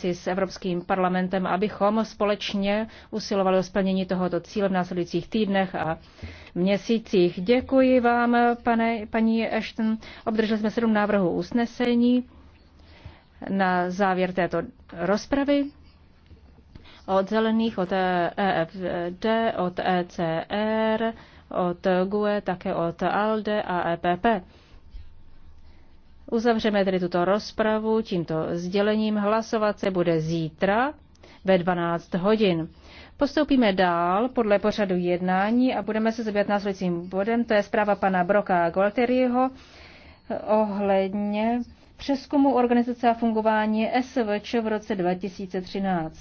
spolupráci s Evropským parlamentem, abychom společně usilovali o splnění tohoto cíle v následujících týdnech a měsících. Děkuji vám, pane, paní Ashton. Obdrželi jsme sedm návrhů usnesení na závěr této rozpravy od zelených, od EFD, e, od ECR, od GUE, také od ALDE a EPP. Uzavřeme tedy tuto rozpravu tímto sdělením. Hlasovat se bude zítra ve 12 hodin. Postoupíme dál podle pořadu jednání a budeme se zabývat následujícím bodem. To je zpráva pana Broka Golteriho ohledně přeskumu organizace a fungování SVČ v roce 2013.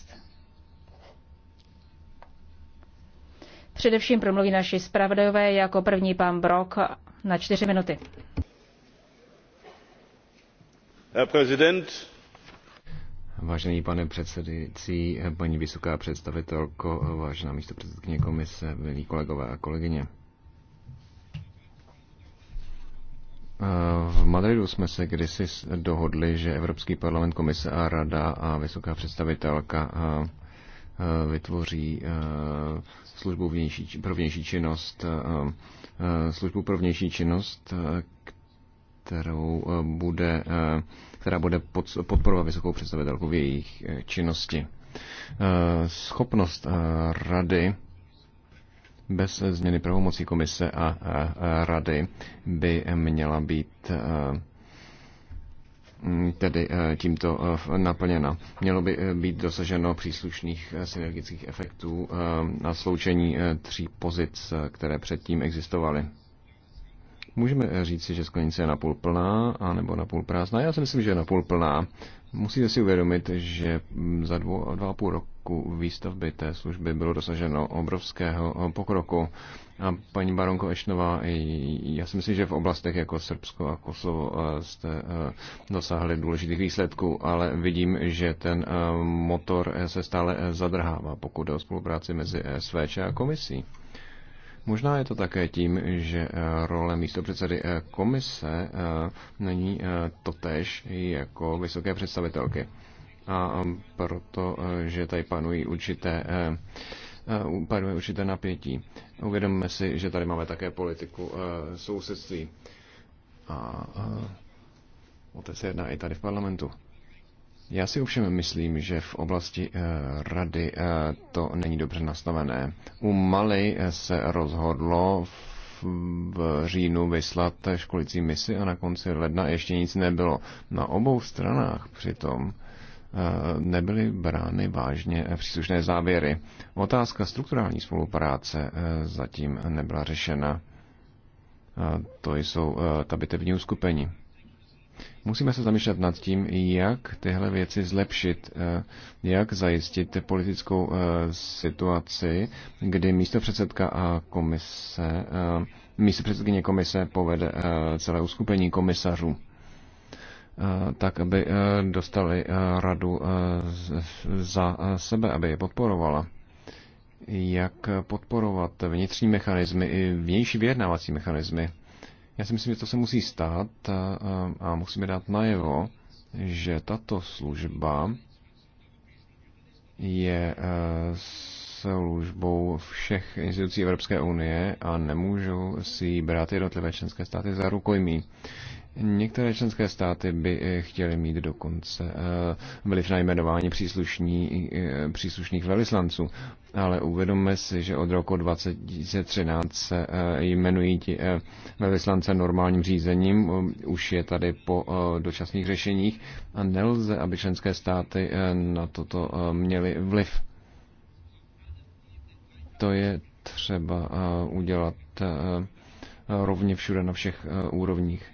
Především promluví naši zpravodajové jako první pan Brok na čtyři minuty. Vážený pane předsedající, paní vysoká představitelko, vážená místopředsedkyně komise, milí kolegové a kolegyně. V Madridu jsme se kdysi dohodli, že Evropský parlament, komise a rada a vysoká představitelka vytvoří službu vnější, pro vnější činnost, službu pro vnější činnost, kterou eh, bude, eh, která bude podporovat vysokou představitelku v jejich eh, činnosti. Schopnost rady bez změny pravomocí komise a rady by měla být tedy tímto naplněna. Mělo by být dosaženo příslušných synergických efektů na sloučení tří pozic, které předtím existovaly. Můžeme říci, že sklenice je napůl plná, anebo napůl prázdná. Já si myslím, že je napůl plná. Musíte si uvědomit, že za dvou, dva a půl roku výstavby té služby bylo dosaženo obrovského pokroku. A paní baronko Ešnová, já si myslím, že v oblastech jako Srbsko a Kosovo eh, jste eh, dosáhli důležitých výsledků, ale vidím, že ten eh, motor se stále zadrhává, pokud jde o spolupráci mezi SVČ a komisí. Možná je to také tím, že eh, role místopředsedy eh, komise eh, není totéž jako vysoké představitelky. A proto, že tady panují určité panuje určité napětí. Uvědomme si, že tady máme také politiku sousedství. A, o té se jedná i tady v parlamentu. Já si ovšem myslím, že v oblasti eh, rady eh, to není dobře nastavené. U Mali eh, se rozhodlo v říjnu vyslat školicí misi a na konci ledna ještě nic nebylo. Na obou stranách přitom nebyly brány vážně příslušné závěry. Otázka strukturální spolupráce zatím nebyla řešena. To jsou ta bitevní uskupení. Musíme se zamýšlet nad tím, jak tyhle věci zlepšit, eh, jak zajistit politickou eh, situaci, kdy místo předsedka a komise, eh, místo předsedkyně komise povede celé uskupení komisařů tak aby dostali radu za sebe, aby je podporovala. Jak podporovat vnitřní mechanismy i vnější vyjednávací mechanismy? Já si myslím, že to se musí stát a musíme dát najevo, že tato služba je e, službou všech institucí Evropské unie a nemůžou si brát jednotlivé členské státy za rukojmí. Některé členské státy by eh, chtěly mít dokonce eh, vliv na jmenování příslušní, eh, příslušných velislanců, ale uvědomme si, že od roku 2013 se jmenují ti velvyslance normálním řízením, už je tady po dočasných řešeních a nelze, aby členské státy na toto měly vliv. To je třeba udělat rovně všude na všech úrovních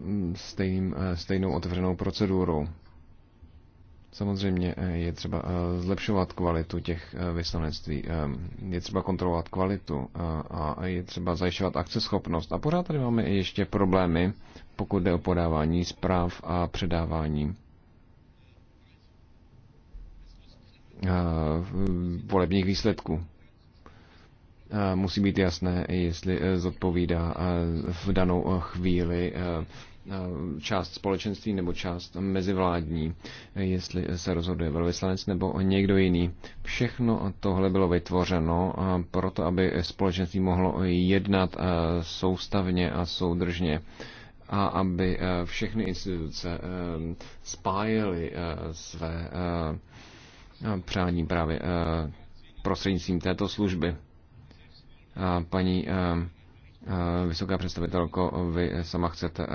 Mm, stejným, stejnou otevřenou procedurou. Samozřejmě e, je třeba e, zlepšovat kvalitu těch e, vyslanectví, je třeba kontrolovat kvalitu a je třeba zajišťovat akceschopnost. A pořád tady máme ještě problémy, pokud jde o podávání zpráv a předávání volebních výsledků. Eh, musí být jasné, jestli eh, zodpovídá eh, v danou chvíli část společenství nebo část mezivládní, jestli se rozhoduje velvyslanec nebo někdo jiný. Všechno tohle bylo vytvořeno proto, aby společenství mohlo jednat soustavně a soudržně a aby všechny instituce spájely své přání právě prostřednictvím této služby. Paní eh, eh, vysoká představitelko, vy sama chcete eh,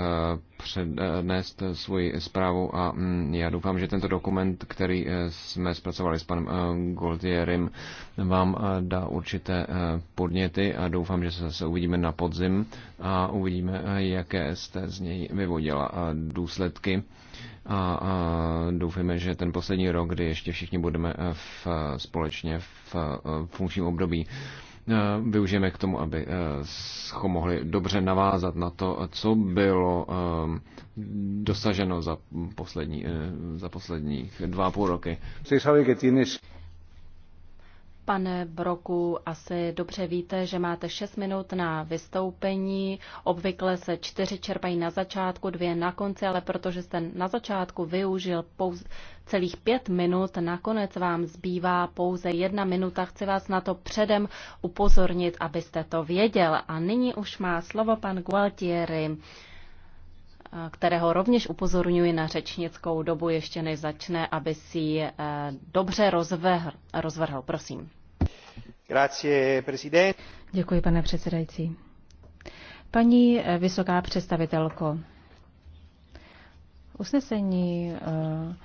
přednést svoji zprávu a mm, já doufám, že tento dokument, který jsme zpracovali s panem Goldierem, vám dá určité podněty a doufám, že se zase uvidíme na podzim a uvidíme, jaké jste z něj vyvodila důsledky. A, doufáme, že ten poslední rok, kdy ještě všichni budeme v, společně v funkčním období, Eh, využijeme k tomu, aby abychom eh, mohli dobře navázat na to, co bylo eh, dosaženo za, poslední, za posledních dva a půl roky. Pane Broku, asi dobře víte, že máte 6 minut na vystoupení. Obvykle se čtyři čerpají na začátku, dvě na konci, ale protože jste na začátku využil pouze celých pět minut, nakonec vám zbývá pouze jedna minuta. Chci vás na to předem upozornit, abyste to věděl. A nyní už má slovo pan Gualtieri kterého rovněž upozorňuji na řečnickou dobu, ještě než začne, aby si ji eh, dobře rozvrhl. rozvrhl. Prosím. Grazie, prezident. Děkuji, pane předsedající. Paní eh, vysoká představitelko, usnesení eh,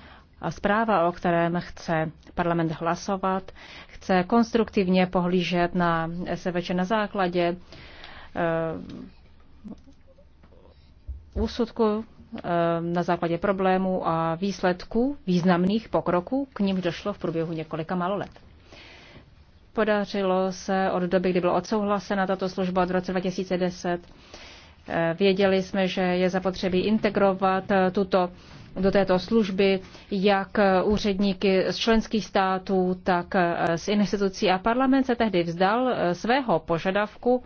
a zpráva, o kterém chce parlament hlasovat, chce konstruktivně pohlížet na SVČ na základě úsudku eh, na základě problémů a výsledků významných pokroků, k nímž došlo v průběhu několika málo let. Podařilo se od doby, kdy byla odsouhlasena tato služba od roce 2010, eh, věděli jsme, že je zapotřebí integrovat eh, tuto, do této služby jak úředníky z členských států, tak z institucí. A parlament se tehdy vzdal svého požadavku,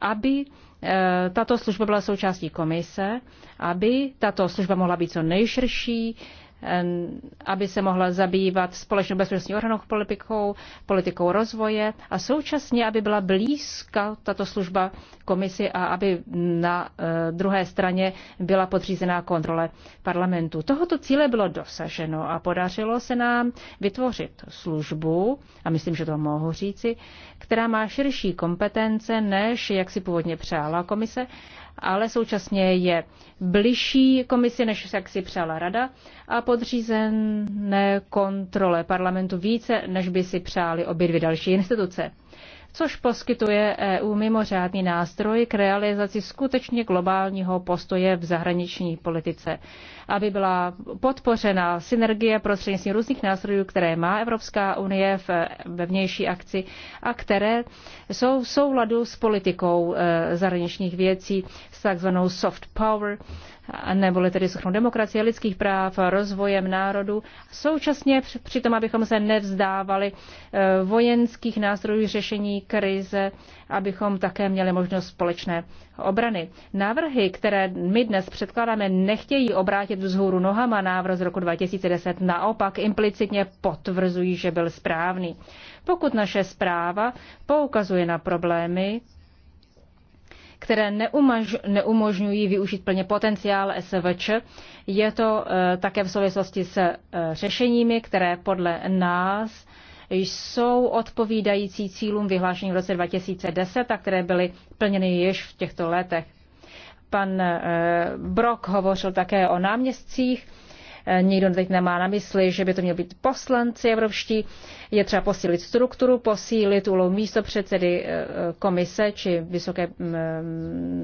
aby Eh, tato služba byla součástí komise, aby tato služba mohla být co nejširší, aby se mohla zabývat společnou bezpečnostní ochranou politikou, politikou rozvoje a současně, aby byla blízka tato služba komisi a aby na eh, druhé straně byla podřízená kontrole parlamentu. Tohoto cíle bylo dosaženo a podařilo se nám vytvořit službu, a myslím, že to mohu říci, která má širší kompetence, než jak si původně přála komise ale současně je bližší komisi, než jak si přála rada a podřízené kontrole parlamentu více, než by si přáli obě dvě další instituce což poskytuje EU mimořádný nástroj k realizaci skutečně globálního postoje v zahraniční politice, aby byla podpořena synergie prostřednictvím různých nástrojů, které má Evropská unie ve vnější akci a které jsou v souladu s politikou e, zahraničních věcí, s takzvanou soft power, neboli tedy schrnu demokracie, lidských práv, rozvojem národu. Současně přitom, abychom se nevzdávali eh, vojenských nástrojů řešení krize, abychom také měli možnost společné obrany. Návrhy, které my dnes předkládáme, nechtějí obrátit vzhůru nohama návrh z roku 2010, naopak implicitně potvrzují, že byl správný. Pokud naše zpráva poukazuje na problémy, které neumaž, neumožňují využít plně potenciál SVČ. Je to eh, také v souvislosti s eh, řešeními, které podle nás jsou odpovídající cílům vyhlášení v roce 2010 a které byly plněny již v těchto letech. Pan eh, Brok hovořil také o náměstcích Eh, nikdo teď nemá na mysli, že by to měl být poslanci evropští. Je třeba posílit strukturu, posílit úlohu předsedy eh, komise či vysoké, mm,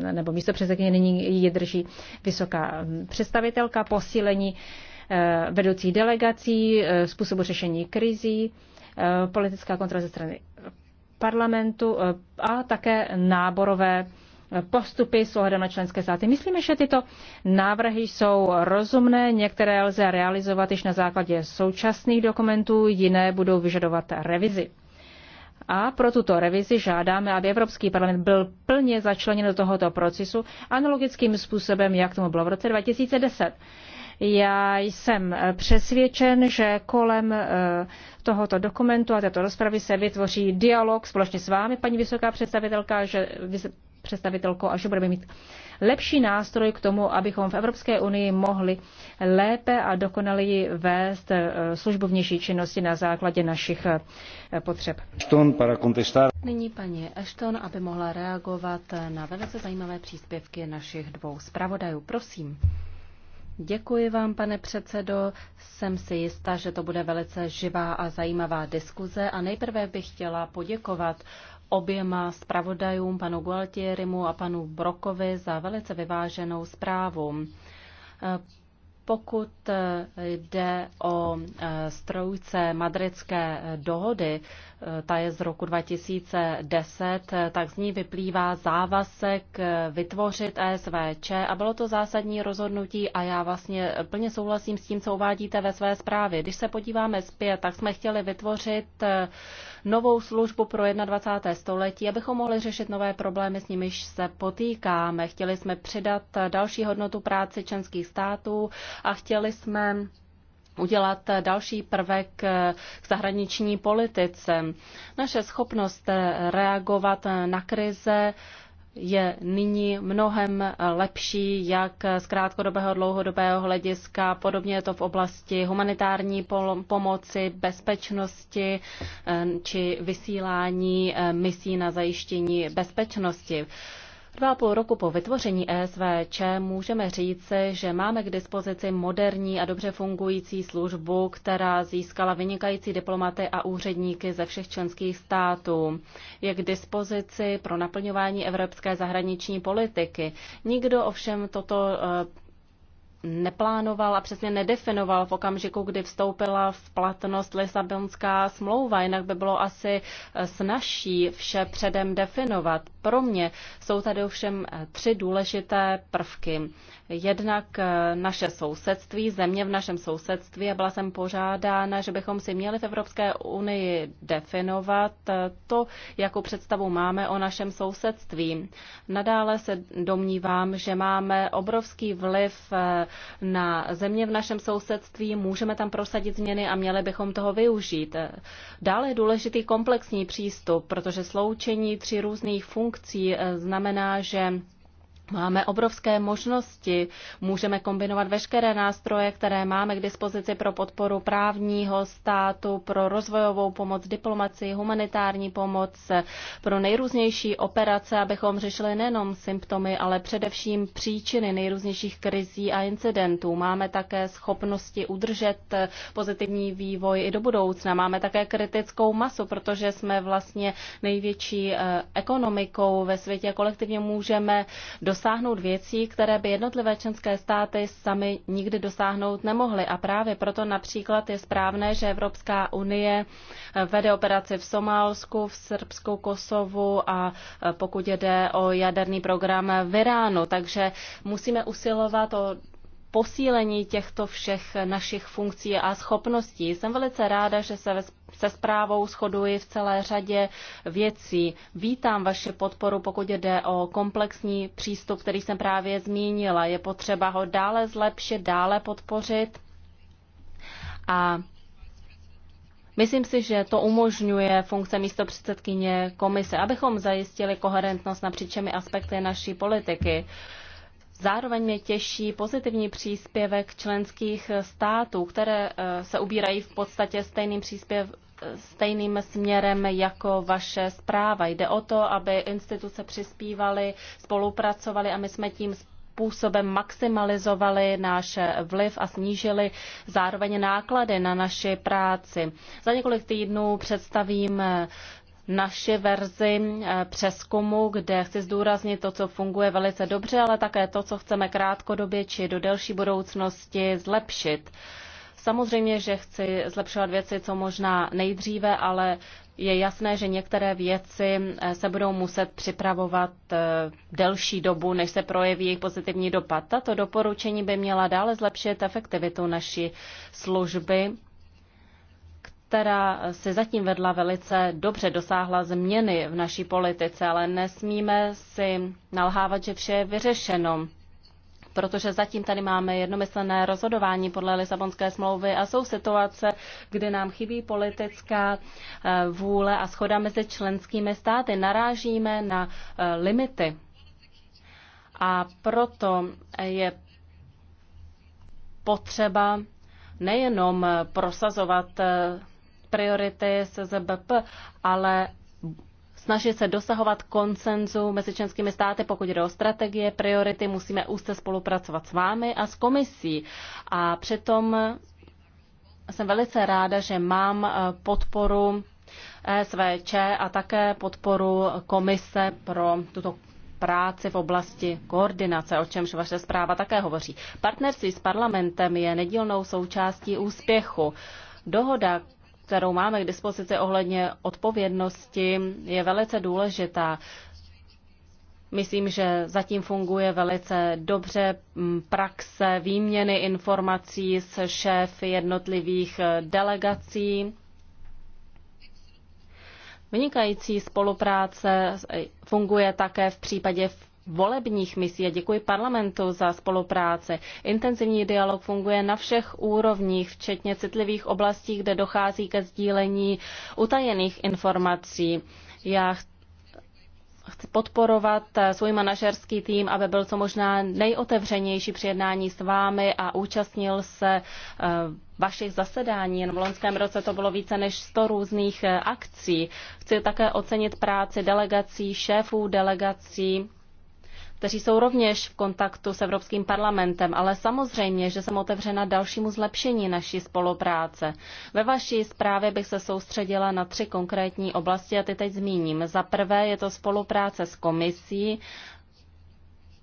eh, nebo místopředsedkyně nyní ji drží vysoká mm, představitelka, posílení vedoucí delegací, způsobu řešení krizí, politická kontrola ze strany parlamentu a také náborové postupy s ohledem na členské státy. Myslíme, že tyto návrhy jsou rozumné, některé lze realizovat již na základě současných dokumentů, jiné budou vyžadovat revizi. A pro tuto revizi žádáme, aby Evropský parlament byl plně začleněn do tohoto procesu analogickým způsobem, jak tomu bylo v roce 2010. Já jsem přesvědčen, že kolem eh, tohoto dokumentu a této rozpravy se vytvoří dialog společně s vámi, paní vysoká představitelka, že představitelkou a že budeme mít lepší nástroj k tomu, abychom v Evropské unii mohli lépe a dokonaleji vést eh, službu vnější činnosti na základě našich eh, potřeb. Nyní paní Ashton, aby mohla reagovat eh, na velice zajímavé příspěvky našich dvou zpravodajů. Prosím. Děkuji vám, pane předsedo. Jsem si jistá, že to bude velice živá a zajímavá diskuze a nejprve bych chtěla poděkovat oběma zpravodajům, panu Gualtierimu a panu Brokovi, za velice vyváženou zprávu. Pokud jde o e, strojce madridské dohody, e, ta je z roku 2010, e, tak z ní vyplývá závazek vytvořit ESVČ a bylo to zásadní rozhodnutí a já vlastně plně souhlasím s tím, co uvádíte ve své zprávě. Když se podíváme zpět, tak jsme chtěli vytvořit novou službu pro 21. století, abychom mohli řešit nové problémy, s nimiž se potýkáme. Chtěli jsme přidat další hodnotu práci členských států a chtěli jsme udělat další prvek k zahraniční politice. Naše schopnost reagovat na krize je nyní mnohem lepší, jak z krátkodobého dlouhodobého hlediska. Podobně je to v oblasti humanitární pomoci, bezpečnosti eh, či vysílání eh, misí na zajištění bezpečnosti. Dva a půl roku po vytvoření ESVČ můžeme říci, že máme k dispozici moderní a dobře fungující službu, která získala vynikající diplomaty a úředníky ze všech členských států. Je k dispozici pro naplňování evropské zahraniční politiky. Nikdo ovšem toto eh, neplánoval a přesně nedefinoval v okamžiku, kdy vstoupila v platnost Lisabonská smlouva, jinak by bylo asi eh, snažší vše předem definovat pro mě jsou tady ovšem tři důležité prvky. Jednak eh, naše sousedství, země v našem sousedství a byla jsem požádána, že bychom si měli v Evropské unii definovat eh, to, jakou představu máme o našem sousedství. Nadále se domnívám, že máme obrovský vliv eh, na země v našem sousedství, můžeme tam prosadit změny a měli bychom toho využít. Dále je důležitý komplexní přístup, protože sloučení tří různých funkcí funkcí eh, znamená, že Máme obrovské možnosti, můžeme kombinovat veškeré nástroje, které máme k dispozici pro podporu právního státu, pro rozvojovou pomoc, diplomacii, humanitární pomoc, pro nejrůznější operace, abychom řešili nejenom symptomy, ale především příčiny nejrůznějších krizí a incidentů. Máme také schopnosti udržet pozitivní vývoj i do budoucna. Máme také kritickou masu, protože jsme vlastně největší eh, ekonomikou ve světě. Kolektivně můžeme dosáhnout dosáhnout věcí, které by jednotlivé členské státy sami nikdy dosáhnout nemohly. A právě proto například je správné, že Evropská unie eh, vede operaci v Somálsku, v Srbsku, Kosovu a eh, pokud jde o jaderný program v Iránu. Takže musíme usilovat o posílení těchto všech našich funkcí a schopností. Jsem velice ráda, že se se zprávou shoduji v celé řadě věcí. Vítám vaši podporu, pokud jde o komplexní přístup, který jsem právě zmínila. Je potřeba ho dále zlepšit, dále podpořit. A Myslím si, že to umožňuje funkce místo předsedkyně komise, abychom zajistili koherentnost napříč všemi aspekty naší politiky. Zároveň mě těší pozitivní příspěvek členských států, které eh, se ubírají v podstatě stejným příspěv, eh, stejným směrem jako vaše zpráva. Jde o to, aby instituce přispívaly, spolupracovaly a my jsme tím způsobem maximalizovali náš vliv a snížili zároveň náklady na naši práci. Za několik týdnů představím eh, naši verzi eh, přeskumu, kde chci zdůraznit to, co funguje velice dobře, ale také to, co chceme krátkodobě či do delší budoucnosti zlepšit. Samozřejmě, že chci zlepšovat věci co možná nejdříve, ale je jasné, že některé věci eh, se budou muset připravovat eh, delší dobu, než se projeví jejich pozitivní dopad. Tato doporučení by měla dále zlepšit efektivitu naší služby která se zatím vedla velice dobře, dosáhla změny v naší politice, ale nesmíme si nalhávat, že vše je vyřešeno protože zatím tady máme jednomyslné rozhodování podle Lisabonské smlouvy a jsou situace, kdy nám chybí politická eh, vůle a schoda mezi členskými státy. Narážíme na eh, limity. A proto je potřeba nejenom prosazovat eh, priority SZBP, ale snaží se dosahovat koncenzu mezi členskými státy, pokud jde o strategie, priority, musíme úzce spolupracovat s vámi a s komisí. A přitom jsem velice ráda, že mám eh, podporu SVČ a také podporu komise pro tuto práci v oblasti koordinace, o čemž vaše zpráva také hovoří. Partnerství s parlamentem je nedílnou součástí úspěchu. Dohoda, kterou máme k dispozici ohledně odpovědnosti, je velice důležitá. Myslím, že zatím funguje velice dobře mm, praxe výměny informací s šéfy jednotlivých eh, delegací. Vynikající spolupráce funguje také v případě volebních misí a děkuji parlamentu za spolupráci. Intenzivní dialog funguje na všech úrovních, včetně citlivých oblastí, kde dochází ke sdílení utajených informací. Já chci podporovat svůj manažerský tým, aby byl co možná nejotevřenější při jednání s vámi a účastnil se eh, vašich zasedání. Jen v loňském roce to bylo více než 100 různých eh, akcí. Chci také ocenit práci delegací, šéfů delegací kteří jsou rovněž v kontaktu s Evropským parlamentem, ale samozřejmě, že jsem otevřena dalšímu zlepšení naší spolupráce. Ve vaší zprávě bych se soustředila na tři konkrétní oblasti a ty teď zmíním. Za prvé je to spolupráce s komisí,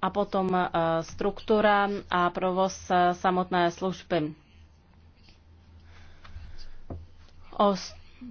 a potom eh, struktura a provoz eh, samotné služby. O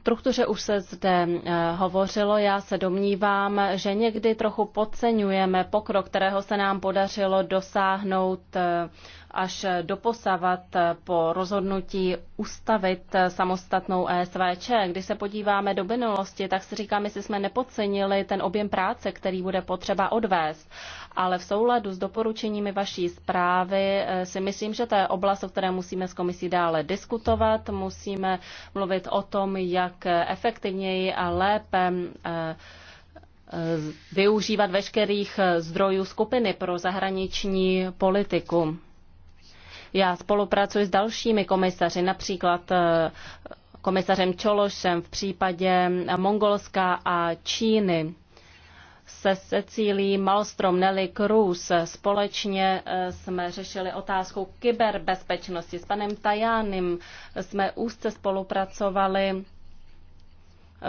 struktuře už se zde eh, hovořilo. Já se domnívám, že někdy trochu podceňujeme pokrok, kterého se nám podařilo dosáhnout eh, až doposavat po rozhodnutí ustavit samostatnou ESVČ. Když se podíváme do minulosti, tak si říkáme, jestli jsme nepodcenili ten objem práce, který bude potřeba odvést. Ale v souladu s doporučeními vaší zprávy eh, si myslím, že to je oblast, o které musíme s komisí dále diskutovat. Musíme mluvit o tom, jak efektivněji a lépe eh, eh, využívat veškerých zdrojů skupiny pro zahraniční politiku. Já spolupracuji s dalšími komisaři, například eh, komisařem Čološem v případě Mongolska a Číny se Cecílí Malstrom, Nelly Cruz. Společně eh, jsme řešili otázku kyberbezpečnosti. S panem Tajánem jsme úzce spolupracovali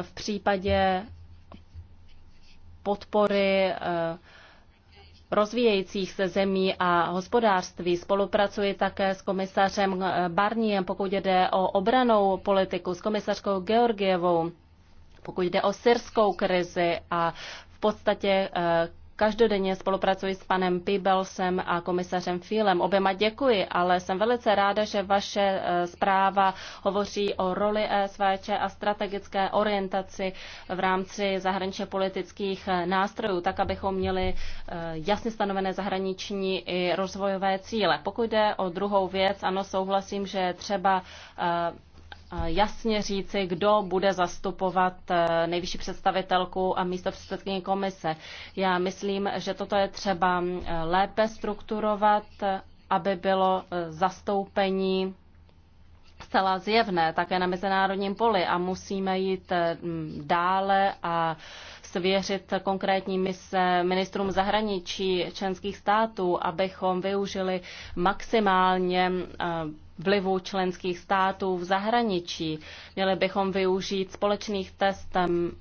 v případě podpory eh, rozvíjejících se zemí a hospodářství. Spolupracuji také s komisařem Barniem, pokud jde o obranou politiku, s komisařkou Georgievou, pokud jde o syrskou krizi a v podstatě eh, Každodenně spolupracuji s panem Pibelsem a komisařem Fílem. Oběma děkuji, ale jsem velice ráda, že vaše eh, zpráva hovoří o roli ESVČ a strategické orientaci v rámci zahraničně politických eh, nástrojů, tak abychom měli eh, jasně stanovené zahraniční i rozvojové cíle. Pokud jde o druhou věc, ano, souhlasím, že třeba jasně říci, kdo bude zastupovat eh, nejvyšší představitelku a místo předsedkyní komise. Já myslím, že toto je třeba mm, lépe strukturovat, aby bylo eh, zastoupení zcela zjevné také na mezinárodním poli a musíme jít eh, mm, dále a svěřit konkrétní mise ministrům zahraničí členských států, abychom využili maximálně vlivu členských států v zahraničí. Měli bychom využít společných test,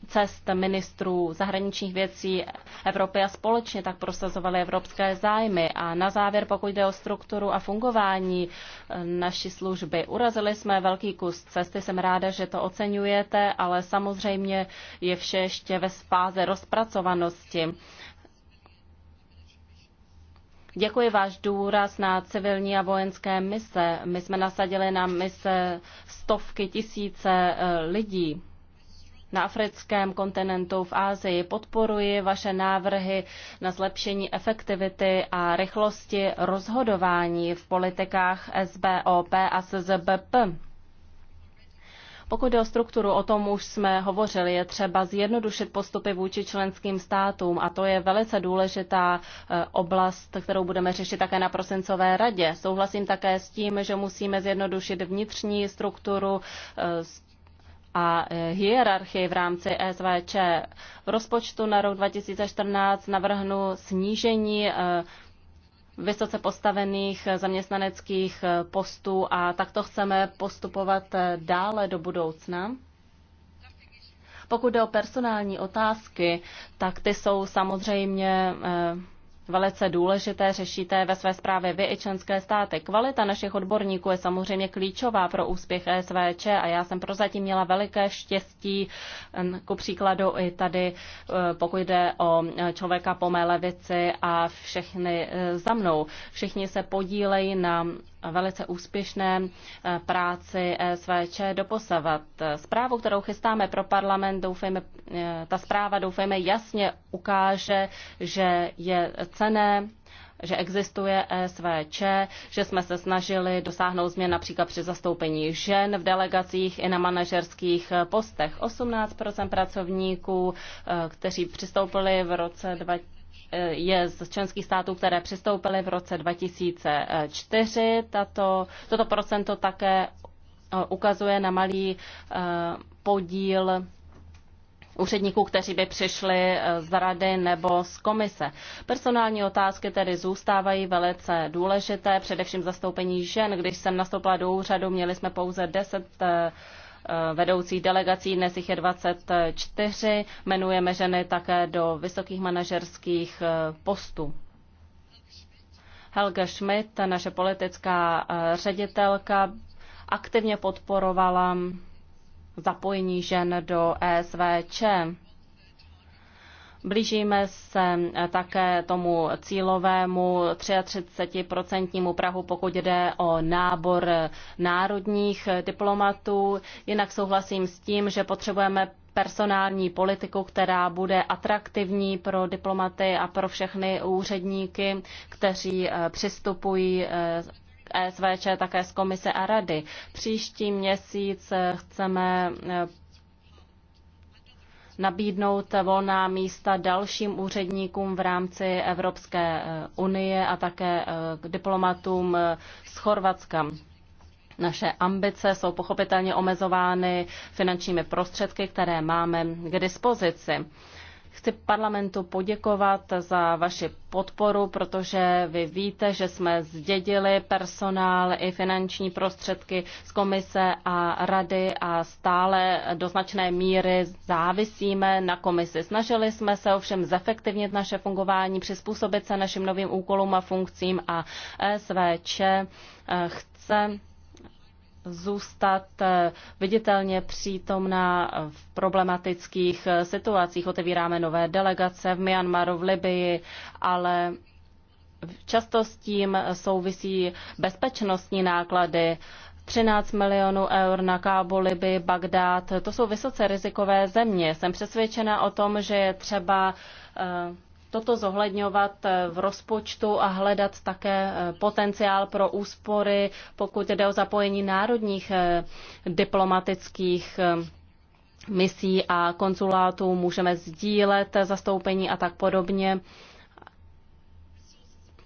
cest ministrů zahraničních věcí Evropy a společně tak prosazovali evropské zájmy. A na závěr, pokud jde o strukturu a fungování eh, naší služby, urazili jsme velký kus cesty. Jsem ráda, že to oceňujete, ale samozřejmě je vše ještě ve fáze rozpracovanosti. Děkuji váš důraz na civilní a vojenské mise. My jsme nasadili na mise stovky tisíce eh, lidí na africkém kontinentu, v Ázii. Podporuji vaše návrhy na zlepšení efektivity a rychlosti rozhodování v politikách SBOP a SZBP. Pokud jde o strukturu, o tom už jsme hovořili, je třeba zjednodušit postupy vůči členským státům a to je velice důležitá eh, oblast, kterou budeme řešit také na prosincové radě. Souhlasím také s tím, že musíme zjednodušit vnitřní strukturu, eh, a eh, hierarchii v rámci SVČ. V rozpočtu na rok 2014 navrhnu snížení vysoce postavených zaměstnaneckých postů a takto chceme postupovat dále do budoucna. Pokud jde o personální otázky, tak ty jsou samozřejmě eh, velice důležité, řešíte ve své zprávě vy i členské státy. Kvalita našich odborníků je samozřejmě klíčová pro úspěch SVČ a já jsem prozatím měla veliké štěstí, ku příkladu i tady, eh, pokud jde o eh, člověka po mé levici a všechny eh, za mnou. Všichni se podílejí na velice úspěšné eh, práci eh, SVČ doposavat. Zprávu, kterou chystáme pro parlament, doufejme, eh, ta zpráva doufejme jasně ukáže, že je cené že existuje SVČ, že jsme se snažili dosáhnout změn například při zastoupení žen v delegacích i na manažerských postech. 18 pracovníků, kteří přistoupili v roce 2000 je z členských států, které přistoupily v roce 2004. Tato, toto procento také e, ukazuje na malý e, podíl úředníků, kteří by přišli e, z rady nebo z komise. Personální otázky tedy zůstávají velice důležité, především zastoupení žen. Když jsem nastoupila do úřadu, měli jsme pouze 10 Eh, vedoucích delegací, dnes jich je 24, jmenujeme ženy také do vysokých manažerských eh, postů. Helge Schmidt, naše politická eh, ředitelka, aktivně podporovala zapojení žen do ESVČ. Blížíme se eh, také tomu cílovému 33% Prahu, pokud jde o nábor eh, národních eh, diplomatů. Jinak souhlasím s tím, že potřebujeme personální politiku, která bude atraktivní pro diplomaty a pro všechny úředníky, kteří přistupují ESVČ e také z komise a rady. Příští měsíc chceme nabídnout volná místa dalším úředníkům v rámci Evropské eh, unie a také eh, diplomatům eh, z Chorvatska. Naše ambice jsou pochopitelně omezovány finančními prostředky, které máme k dispozici. Chci parlamentu poděkovat za vaši podporu, protože vy víte, že jsme zdědili personál i finanční prostředky z komise a rady a stále do značné míry závisíme na komisi. Snažili jsme se ovšem zefektivnit naše fungování, přizpůsobit se našim novým úkolům a funkcím a SVČ eh, chce zůstat eh, viditelně přítomná v problematických eh, situacích. Otevíráme nové delegace v Myanmaru, v Libii, ale často s tím souvisí bezpečnostní náklady. 13 milionů eur na Kábu, Liby, Bagdád. To jsou vysoce rizikové země. Jsem přesvědčena o tom, že je třeba eh, toto zohledňovat eh, v rozpočtu a hledat také eh, potenciál pro úspory, pokud jde o zapojení národních eh, diplomatických misí a konzulátů, můžeme sdílet zastoupení a tak podobně.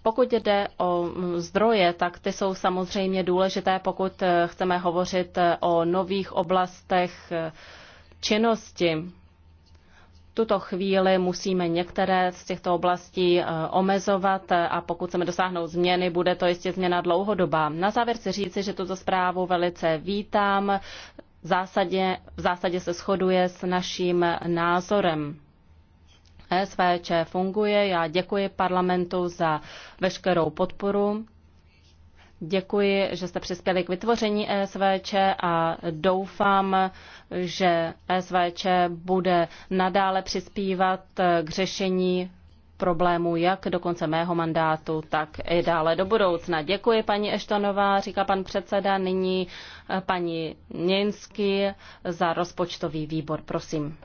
Pokud jde o mm, zdroje, tak ty jsou samozřejmě důležité, pokud chceme hovořit o nových oblastech činnosti tuto chvíli musíme některé z těchto oblastí eh, omezovat eh, a pokud chceme dosáhnout změny, bude to jistě změna dlouhodobá. Na závěr chci říci, že tuto zprávu velice vítám. V zásadě, v zásadě se shoduje s naším názorem. SVČ funguje. Já děkuji parlamentu za veškerou podporu Děkuji, že jste přispěli k vytvoření ESVČ a doufám, že ESVČ bude nadále přispívat k řešení problémů jak do konce mého mandátu, tak i dále do budoucna. Děkuji paní Eštonová, říká pan předseda, nyní paní Něnsky za rozpočtový výbor. Prosím.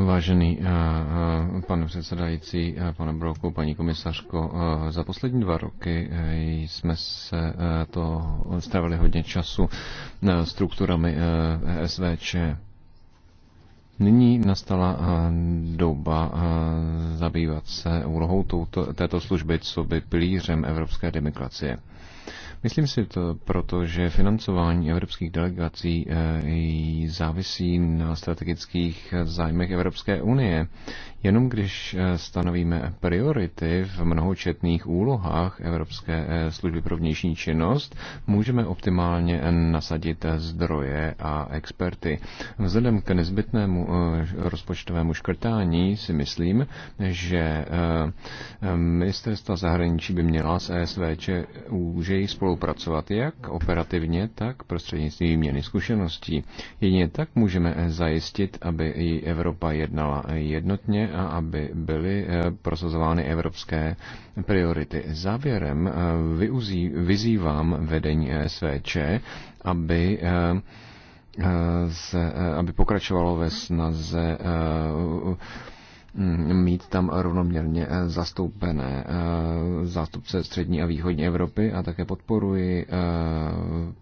Vážený pane předsedající, pane Broku, paní komisařko, za poslední dva roky e, jsme se e, to strávili hodně času e, strukturami SVČ. Nyní nastala doba zabývat se úlohou touto, této služby co by pilířem evropské demokracie. Myslím si to proto, že financování evropských delegací eh, závisí na strategických eh, zájmech Evropské unie. Jenom když eh, stanovíme priority v mnohočetných úlohách Evropské eh, služby pro vnější činnost, můžeme optimálně eh, nasadit zdroje a experty. Vzhledem k nezbytnému rozpočtovému škrtání si myslím, že ministerstva zahraničí by měla s ESVČ úžej spolupracovat jak operativně, tak prostřednictvím výměny zkušeností. Jedině tak můžeme zajistit, aby i Evropa jednala jednotně a aby byly eh, prosazovány evropské priority. Závěrem eh, vyzývám vedení SVČ, aby eh, se, aby pokračovalo ve snaze mít tam rovnoměrně zastoupené zástupce střední a východní Evropy a také podporuji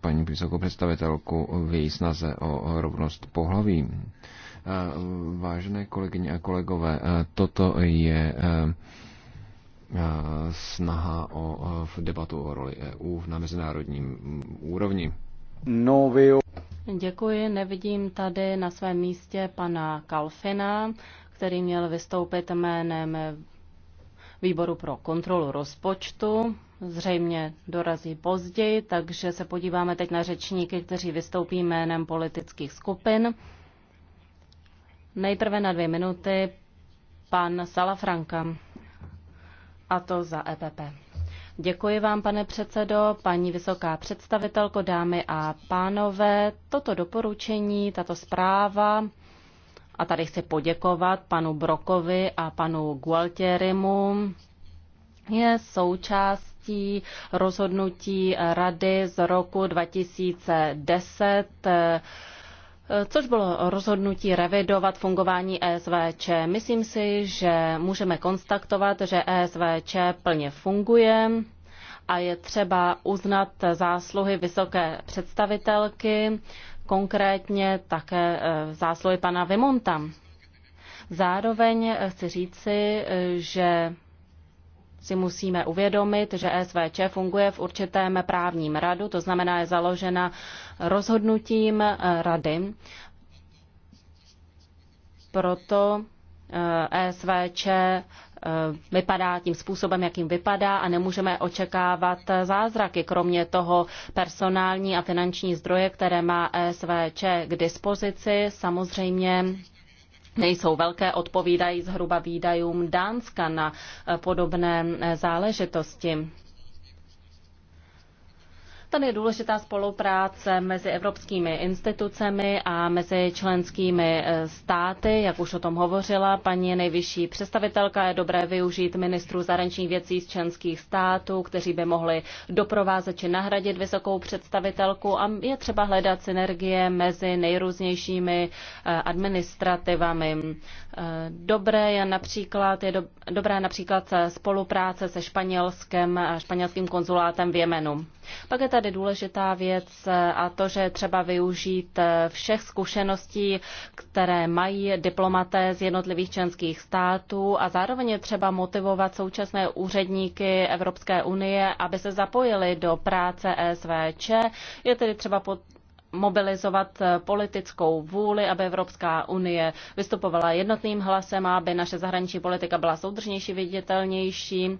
paní vysokou představitelku v její snaze o rovnost pohlaví. Vážené kolegyně a kolegové, toto je snaha o debatu o roli EU na mezinárodním úrovni. No, Děkuji, nevidím tady na svém místě pana Kalfina, který měl vystoupit jménem výboru pro kontrolu rozpočtu. Zřejmě dorazí později, takže se podíváme teď na řečníky, kteří vystoupí jménem politických skupin. Nejprve na dvě minuty pan Salafranka, a to za EPP. Děkuji vám, pane předsedo, paní vysoká představitelko, dámy a pánové. Toto doporučení, tato zpráva, a tady chci poděkovat panu Brokovi a panu Gualtierimu, je součástí rozhodnutí Rady z roku 2010 Eh, což bylo rozhodnutí revidovat fungování ESVČ. Myslím si, že můžeme konstatovat, že ESVČ plně funguje a je třeba uznat zásluhy vysoké představitelky, konkrétně také eh, zásluhy pana Vimonta. Zároveň chci říci, eh, že si musíme uvědomit, že SVČ funguje v určitém právním radu, to znamená je založena rozhodnutím eh, rady. Proto eh, SVČ eh, vypadá tím způsobem, jakým vypadá a nemůžeme očekávat zázraky. Kromě toho personální a finanční zdroje, které má SVČ k dispozici, samozřejmě nejsou velké, odpovídají zhruba výdajům Dánska na eh, podobné eh, záležitosti. Tady je důležitá spolupráce mezi evropskými institucemi a mezi členskými eh, státy, jak už o tom hovořila paní nejvyšší představitelka. Je dobré využít ministrů zahraničních věcí z členských států, kteří by mohli doprovázet či nahradit vysokou představitelku a je třeba hledat synergie mezi nejrůznějšími eh, administrativami. Eh, dobré je například, je do, dobré například spolupráce se španělským a španělským konzulátem v Jemenu. Pak je tady důležitá věc eh, a to, že třeba využít eh, všech zkušeností, které mají diplomaté z jednotlivých členských států a zároveň je třeba motivovat současné úředníky Evropské unie, aby se zapojili do práce ESVČ. Je tedy třeba pod mobilizovat eh, politickou vůli, aby Evropská unie vystupovala jednotným hlasem, aby naše zahraniční politika byla soudržnější, viditelnější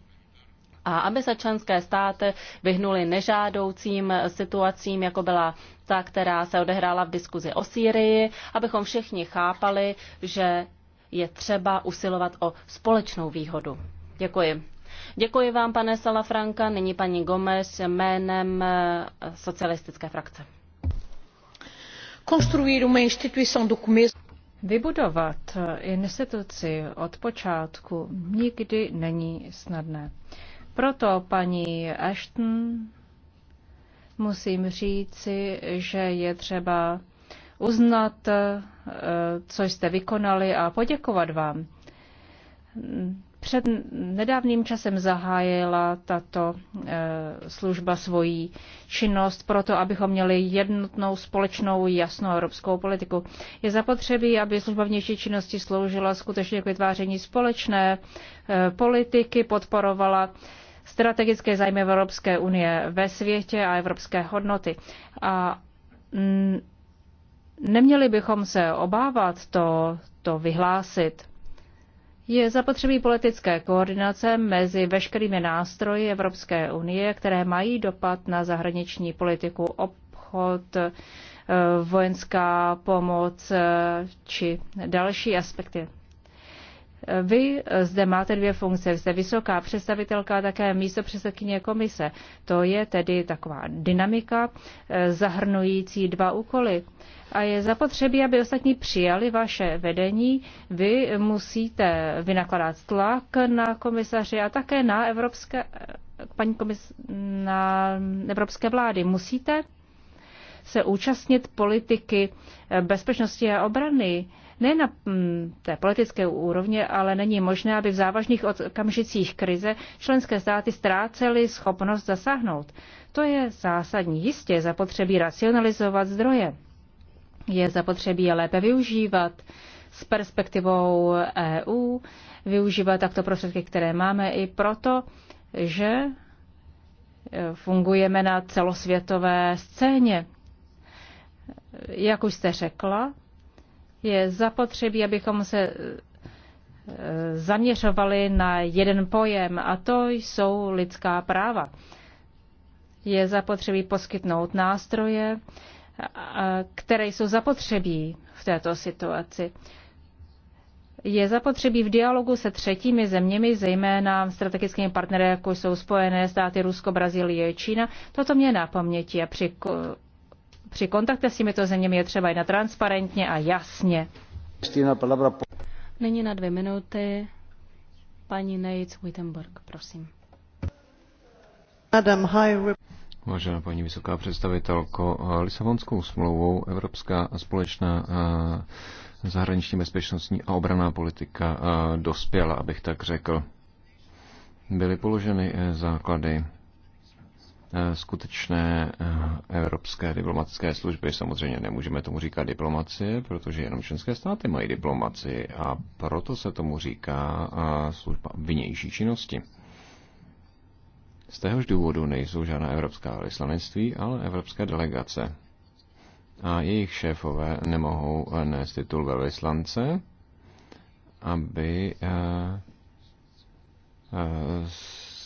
a aby se členské státy vyhnuly nežádoucím situacím, jako byla ta, která se odehrála v diskuzi o Sýrii, abychom všichni chápali, že je třeba usilovat o společnou výhodu. Děkuji. Děkuji vám, pane Salafranka. Nyní paní Gomes jménem eh, socialistické frakce. Vybudovat eh, instituci od počátku nikdy není snadné. Proto, paní Ashton, musím říci, že je třeba uznat, eh, co jste vykonali a poděkovat vám. Před nedávným časem zahájila tato eh, služba svoji činnost proto, abychom měli jednotnou, společnou, jasnou evropskou politiku. Je zapotřebí, aby služba vnější činnosti sloužila skutečně k vytváření společné eh, politiky, podporovala strategické zájmy Evropské unie ve světě a evropské hodnoty. A mm, neměli bychom se obávat to, to vyhlásit. Je zapotřebí politické koordinace mezi veškerými nástroji Evropské unie, které mají dopad na zahraniční politiku, obchod, eh, vojenská pomoc eh, či další aspekty. Vy zde máte dvě funkce, jste vysoká představitelka a také místo předsedkyně komise. To je tedy taková dynamika eh, zahrnující dva úkoly. A je zapotřebí, aby ostatní přijali vaše vedení. Vy musíte vynakladat tlak na komisaři a také na evropské, eh, paní komis, na evropské vlády. Musíte se účastnit politiky eh, bezpečnosti a obrany. Ne na mm, té politické úrovně, ale není možné, aby v závažných okamžicích krize členské státy ztrácely schopnost zasáhnout. To je zásadní. Jistě zapotřebí racionalizovat zdroje. Je zapotřebí je lépe využívat s perspektivou EU, využívat takto prostředky, které máme i proto, že eh, fungujeme na celosvětové scéně. Jak už jste řekla, je zapotřebí, abychom se e, zaměřovali na jeden pojem, a to jsou lidská práva. Je zapotřebí poskytnout nástroje, které jsou zapotřebí v této situaci. Je zapotřebí v dialogu se třetími zeměmi, zejména strategickými partnery, jako jsou Spojené státy, Rusko, Brazílie, Čína. Toto mě na paměti a při při kontaktech s těmito zeměmi je třeba jednat transparentně a jasně. Není na dvě minuty paní Nejc Wittenberg, prosím. Adam, hi. Vážená paní vysoká představitelko, Lisabonskou smlouvou Evropská společná eh, zahraniční bezpečnostní a obraná politika eh, dospěla, abych tak řekl. Byly položeny eh, základy Eh, skutečné eh, evropské diplomatické služby. Samozřejmě nemůžeme tomu říkat diplomacie, protože jenom členské státy mají diplomaci a proto se tomu říká eh, služba vnější činnosti. Z téhož důvodu nejsou žádná evropská vyslanectví, ale evropské delegace. A jejich šéfové nemohou nést titul velvyslance, aby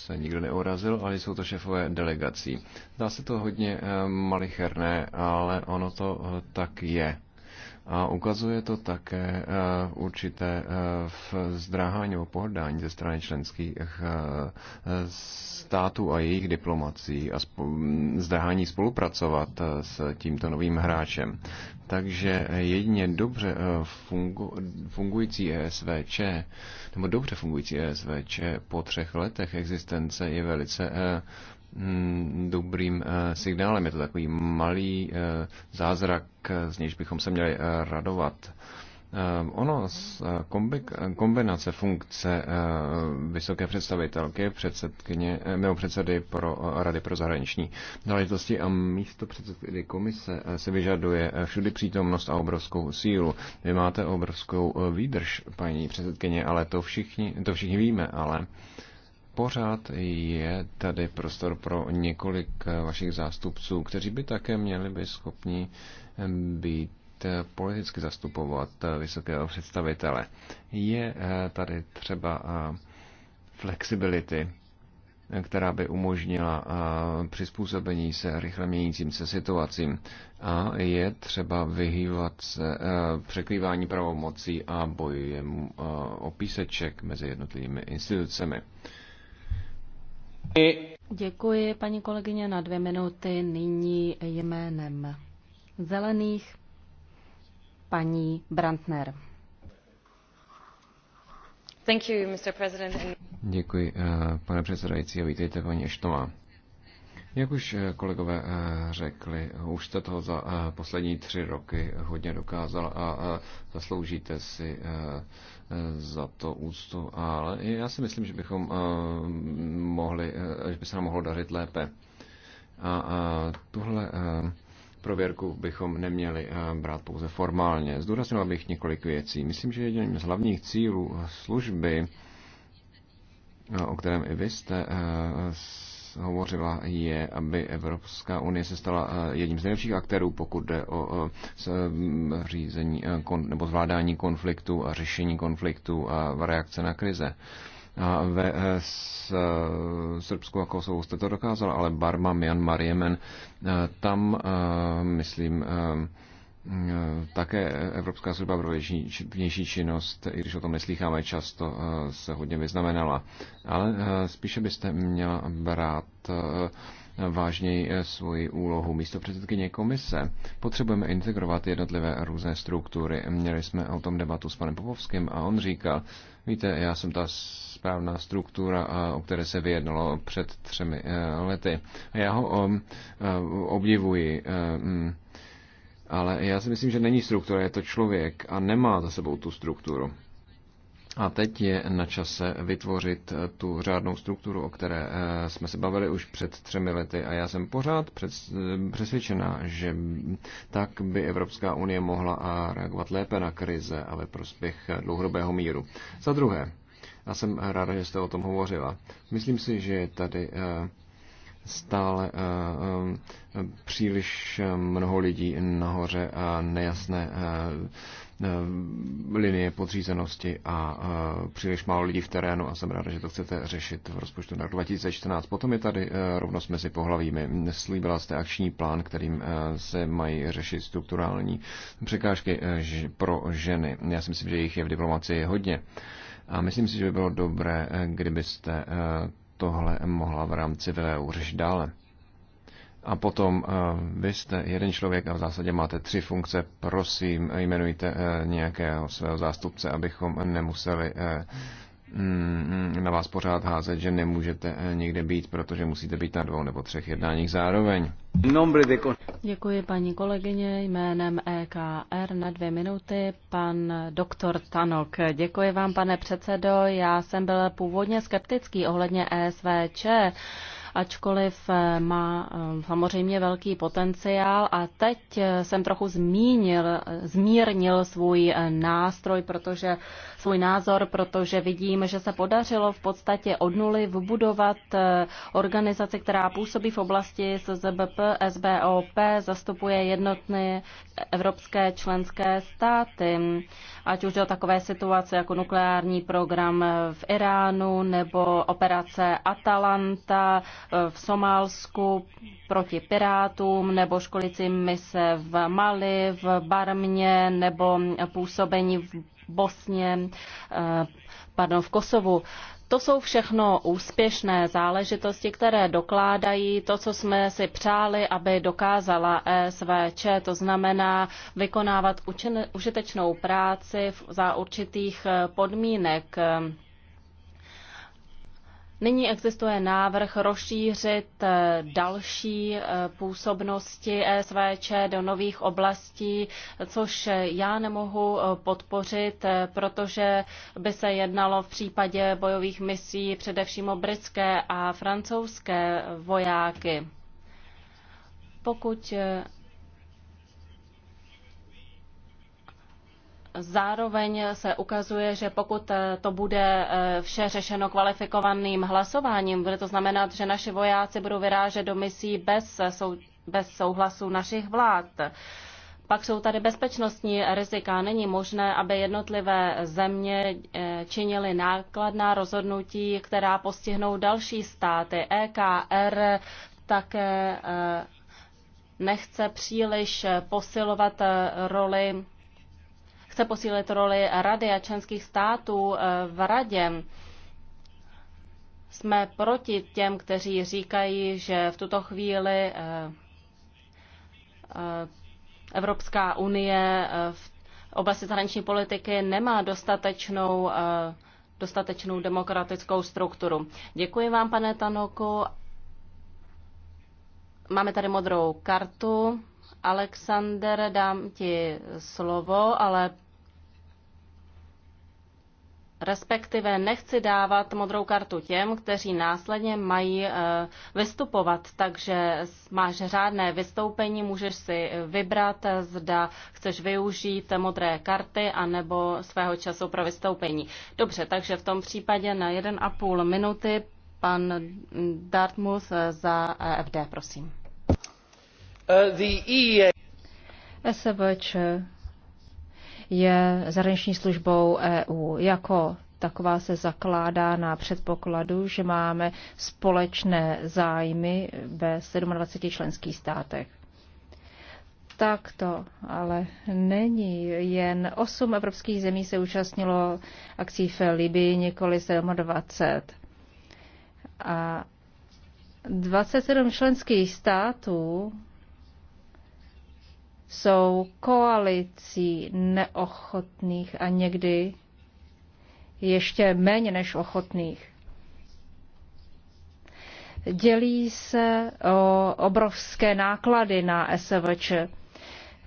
se nikdo neurazil, ale jsou to šefové delegací. Dá se to hodně eh, malicherné, ale ono to eh, tak je. A ukazuje to také eh, určité eh, v zdráhání o pohrdání ze strany členských eh, států a jejich diplomací a zdráhání spolupracovat s tímto novým hráčem. Takže jedině dobře fungu, fungující ESVČ, nebo dobře fungující ESVČ po třech letech existence je velice Mm, dobrým eh, signálem. Je to takový malý eh, zázrak, z nějž bychom se měli eh, radovat. Ono z kombinace funkce vysoké představitelky, předsedkyně, nebo předsedy pro Rady pro zahraniční záležitosti a místo předsedy komise se vyžaduje všudy přítomnost a obrovskou sílu. Vy máte obrovskou výdrž, paní předsedkyně, ale to všichni, to všichni víme, ale pořád je tady prostor pro několik eh, vašich zástupců, kteří by také měli být schopni eh, být eh, politicky zastupovat vysokého představitele. Je tady třeba flexibility, která by umožnila přizpůsobení se rychle měnícím se situacím. A je třeba vyhývat se překrývání pravomocí a bojem o píseček mezi jednotlivými institucemi. Děkuji, paní kolegyně, na dvě minuty. Nyní jménem zelených paní Brandner. Thank you, Mr. President. Děkuji, eh, pane předsedající, a vítejte, paní Eštová. Jak už eh, kolegové eh, řekli, už jste toho za eh, poslední tři roky hodně dokázal a zasloužíte si za to úctu, ale já si myslím, že bychom mohli, že by se nám mohlo dařit lépe. A tuhle prověrku bychom neměli brát pouze formálně. Zdůraznil bych několik věcí. Myslím, že jedním z hlavních cílů služby, o kterém i vy jste hovořila, je, aby Evropská unie se stala eh, jedním z nejlepších aktérů, pokud jde o eh, eh, řízení nebo zvládání konfliktu a řešení konfliktu a reakce na krize. A ve s, Srbsku a Kosovu jste to dokázala, ale Barma, Myanmar, Jemen, tam, myslím, Eh, také Evropská služba pro vnější činnost, i když o tom neslýcháme často, eh, se hodně vyznamenala. Ale eh, spíše byste měla brát vážněji svoji úlohu místo předsedkyně komise. Potřebujeme integrovat jednotlivé různé struktury. Měli jsme o tom debatu s panem Popovským a on říkal, víte, já jsem ta správná struktura, o které se vyjednalo před třemi lety. A já ho obdivuji mm, ale já si myslím, že není struktura, je to člověk a nemá za sebou tu strukturu. A teď je na čase vytvořit eh, tu řádnou strukturu, o které eh, jsme se bavili už před třemi lety. A já jsem pořád eh, přesvědčená, že tak by Evropská unie mohla reagovat lépe na krize a ve prospěch dlouhodobého míru. Za druhé, a jsem ráda, že jste o tom hovořila, myslím si, že je tady stále eh, eh, příliš eh, mnoho lidí nahoře a nejasné linie podřízenosti a příliš málo lidí v terénu a jsem ráda, že to chcete řešit v rozpočtu na 2014. Potom je tady rovnost mezi pohlavími. Slíbila jste akční plán, kterým se mají řešit strukturální překážky pro ženy. Já si myslím, že jich je v diplomaci hodně. A myslím si, že by bylo dobré, kdybyste tohle mohla v rámci VVU řešit dále. A potom eh, vy jste jeden člověk a v zásadě máte tři funkce. Prosím, jmenujte eh, nějakého svého zástupce, abychom nemuseli eh, Mm, na vás pořád házet, že nemůžete eh, někde být, protože musíte být na dvou nebo třech jednáních zároveň. Děkuji paní kolegyně jménem EKR na dvě minuty. Pan doktor Tanok, děkuji vám, pane předsedo. Já jsem byl původně skeptický ohledně ESVČ ačkoliv eh, má eh, samozřejmě velký potenciál. A teď jsem trochu zmínil, zmírnil svůj nástroj, protože svůj názor, protože vidím, že se podařilo v podstatě od nuly vbudovat eh, organizaci, která působí v oblasti SZBP, SBOP, zastupuje jednotné evropské členské státy, ať už do takové situace jako nukleární program v Iránu nebo operace Atalanta eh, v Somálsku proti pirátům nebo školicím mise v Mali, v Barmě nebo působení v Bosně, eh, pardon, v Kosovu. To jsou všechno úspěšné záležitosti, které dokládají to, co jsme si přáli, aby dokázala ESVČ, to znamená vykonávat užitečnou práci za určitých eh, podmínek. Nyní existuje návrh rozšířit eh, další eh, působnosti e SVČ do nových oblastí, což eh, já nemohu podpořit, protože by se jednalo v případě bojových misí především o britské a francouzské vojáky. Pokud Zároveň se ukazuje, že pokud eh, to bude eh, vše řešeno kvalifikovaným hlasováním, bude to znamenat, že naši vojáci budou vyrážet do misí bez, eh, sou, bez souhlasu našich vlád. Pak jsou tady bezpečnostní rizika. Není možné, aby jednotlivé země činily nákladná rozhodnutí, která postihnou další státy. EKR také nechce příliš posilovat roli chce posílit roli Rady a členských států eh, v Radě. Jsme proti těm, kteří říkají, že v tuto chvíli eh, eh, Evropská unie v oblasti zahraniční politiky nemá dostatečnou, dostatečnou demokratickou strukturu. Děkuji vám, pane Tanoku. Máme tady modrou kartu. Alexander, dám ti slovo, ale respektive nechci dávat modrou kartu těm, kteří následně mají eh, vystupovat. Takže máš řádné vystoupení, můžeš si vybrat, zda chceš využít modré karty anebo svého času pro vystoupení. Dobře, takže v tom případě na 1,5 minuty pan Dartmouth za e FD, prosím. Uh, e SVČ je zahraniční službou EU. Jako taková se zakládá na předpokladu, že máme společné zájmy ve 27 členských státech. Tak to ale není. Jen 8 evropských zemí se účastnilo akcí v Libii, nikoli 27. A 27 členských států jsou koalicí neochotných a někdy ještě méně než ochotných. Dělí se o obrovské náklady na SVČ.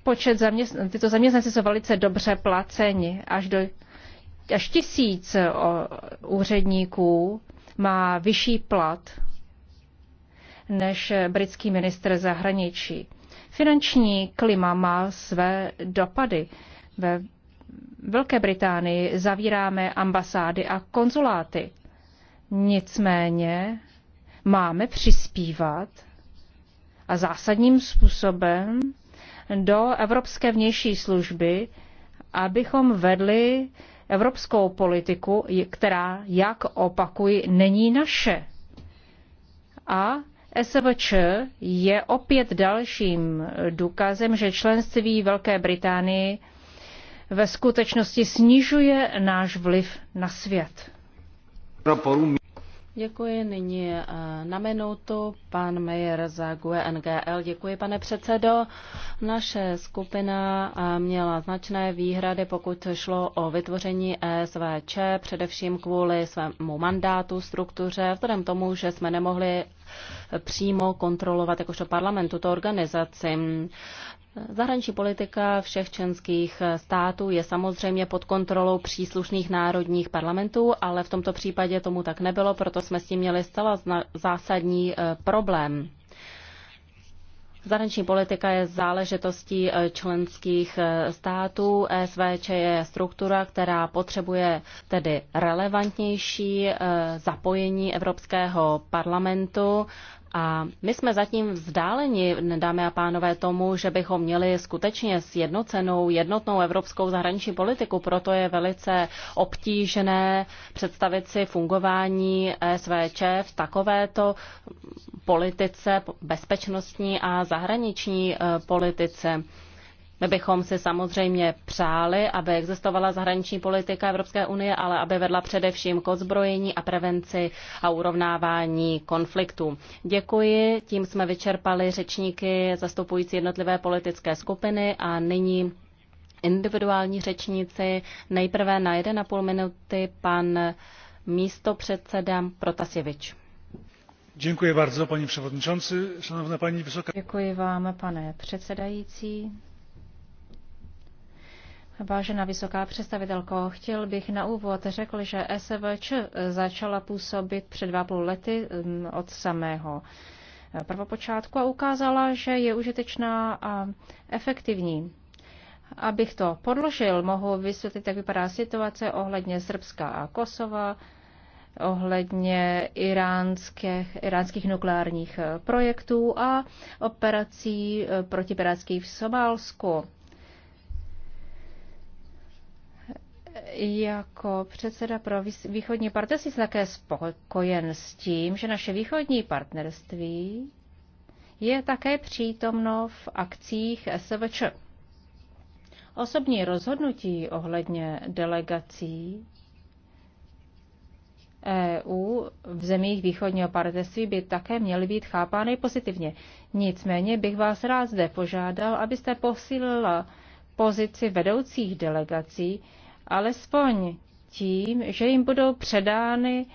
Počet zaměstn- tyto zaměstnanci jsou velice dobře placeni. Až, do, až tisíc o, úředníků má vyšší plat než britský minister zahraničí. Finanční klima má své dopady. Ve Velké Británii zavíráme ambasády a konzuláty. Nicméně máme přispívat a zásadním způsobem do Evropské vnější služby, abychom vedli evropskou politiku, která, jak opakuji, není naše. A SVČ je opět dalším důkazem, že členství Velké Británii ve skutečnosti snižuje náš vliv na svět. Děkuji. Nyní eh, na minutu pan Mejer za GUE NGL. Děkuji, pane předsedo. Naše skupina eh, měla značné výhrady, pokud šlo o vytvoření ESVČ, především kvůli svému mandátu, struktuře, vzhledem tomu, že jsme nemohli přímo kontrolovat jakožto parlament tuto organizaci. Zahraniční politika všech členských států je samozřejmě pod kontrolou příslušných národních parlamentů, ale v tomto případě tomu tak nebylo, proto jsme s tím měli zcela zásadní eh, problém. Zahraniční politika je záležitostí eh, členských eh, států. SVČ je struktura, která potřebuje tedy relevantnější zapojení Evropského parlamentu a my jsme zatím vzdáleni, dámy a pánové, tomu, že bychom měli skutečně sjednocenou, jednotnou evropskou zahraniční politiku. Proto je velice obtížné představit si fungování SVČ v takovéto politice, bezpečnostní a zahraniční eh, politice. My bychom si samozřejmě přáli, aby existovala zahraniční politika Evropské unie, ale aby vedla především k odzbrojení a prevenci a urovnávání konfliktů. Děkuji, tím jsme vyčerpali řečníky zastupující jednotlivé politické skupiny a nyní individuální řečníci. Nejprve na 1,5 minuty pan místopředseda Protasjevič. Děkuji bardzo, paní předsedající. Děkuji vám, pane předsedající. Vážená vysoká představitelko, chtěl bych na úvod řekl, že SVČ začala působit před dva půl lety mm, od samého prvopočátku a ukázala, že je užitečná a efektivní. Abych to podložil, mohu vysvětlit, jak vypadá situace ohledně Srbska a Kosova, ohledně iránských, iránských nukleárních projektů a operací eh, proti pirátských v Somálsku. Jako předseda pro východní partnerství jsem také spokojen s tím, že naše východní partnerství je také přítomno v akcích SVČ. Osobní rozhodnutí ohledně delegací EU v zemích východního partnerství by také měly být chápány pozitivně. Nicméně bych vás rád zde požádal, abyste posílila pozici vedoucích delegací, alespoň tím, že jim budou předány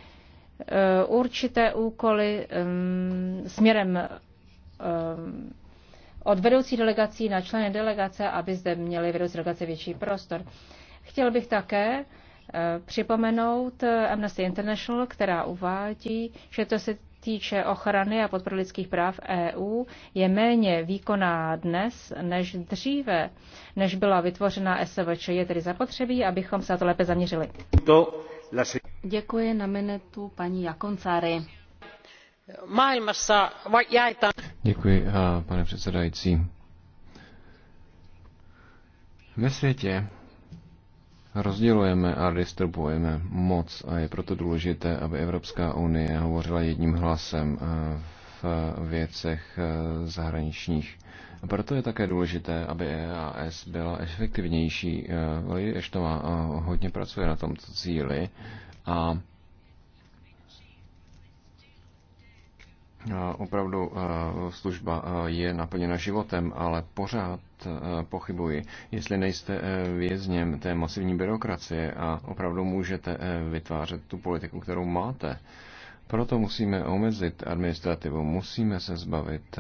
e, určité úkoly směrem od vedoucí delegací na členy delegace, aby zde měli vedoucí delegace větší prostor. Chtěl bych také e, připomenout Amnesty International, která uvádí, že to se týče ochrany a podpory lidských práv EU, je méně výkonná dnes než dříve, než byla vytvořena SVČ. Je tedy zapotřebí, abychom se na to lépe zaměřili. Děkuji na minutu paní Jakoncáry. Děkuji, eh, pane předsedající. Ve světě rozdělujeme a distribuujeme moc a je proto důležité, aby Evropská unie hovořila jedním hlasem eh, v věcech eh, zahraničních. A proto je také důležité, aby EAS byla efektivnější. Eh, to má hodně pracuje na tomto cíli a Eh, opravdu eh, služba eh, je naplněna životem, ale pořád pochybuji, jestli nejste vězněm té masivní byrokracie a opravdu můžete vytvářet tu politiku, kterou máte. Proto musíme omezit administrativu, musíme se zbavit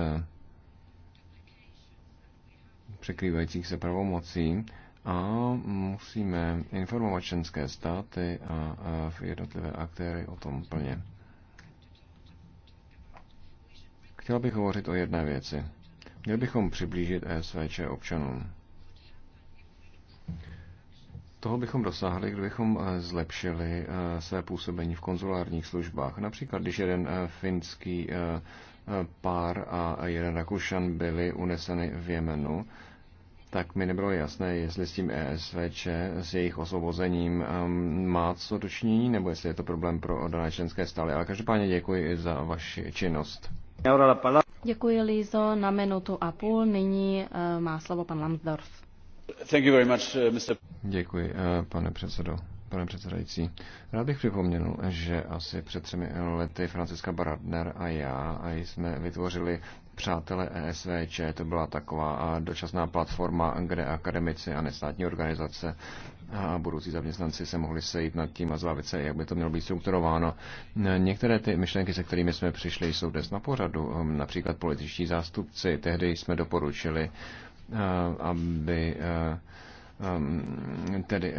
překrývajících se pravomocí a musíme informovat členské státy a jednotlivé aktéry o tom plně. Chtěl bych hovořit o jedné věci. Měl bychom přiblížit ESVČ občanům. Toho bychom dosáhli, kdybychom eh, zlepšili eh, své působení v konzulárních službách. Například, když jeden eh, finský pár a jeden Rakušan byli uneseny v Jemenu, tak mi nebylo jasné, jestli s tím ESVČ, s jejich osvobozením ehm, má co dočinění, nebo jestli je to problém pro dané členské stály. Ale každopádně děkuji za vaši činnost. Děkuji, Lízo. Na minutu a půl nyní eh, má slovo pan Lambsdorff. Eh, Děkuji, eh, pane předsedo. Pane předsedající, rád bych připomněl, že asi před třemi lety Franciska Baradner a já a jsme vytvořili Přátelé ESVČ, to byla taková dočasná platforma, kde akademici a nestátní organizace a budoucí zaměstnanci se mohli sejít nad tím a zbavit se, jak by to mělo být strukturováno. Některé ty myšlenky, se kterými jsme přišli, jsou dnes na pořadu. Například političtí zástupci. Tehdy jsme doporučili, eh, aby eh, eh, tedy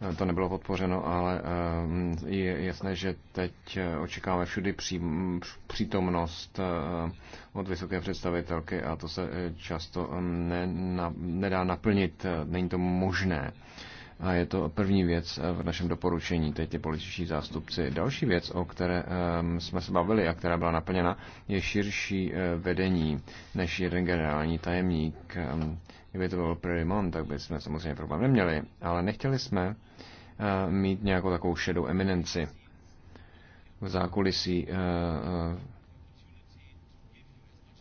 Eh, to nebylo podpořeno, ale eh, je jasné, že teď eh, očekáváme všudy pří, přítomnost od vysoké představitelky a to se často mm, ne, na, nedá naplnit, není to možné. A je to první věc v našem doporučení, teď ty političtí zástupci. Další věc, o které jsme se bavili a která byla naplněna, je širší vedení než jeden generální tajemník. Kdyby to byl Prairie tak bychom samozřejmě problém neměli, ale nechtěli jsme eh, mít nějakou takovou šedou eminenci v zákulisí. Eh, eh.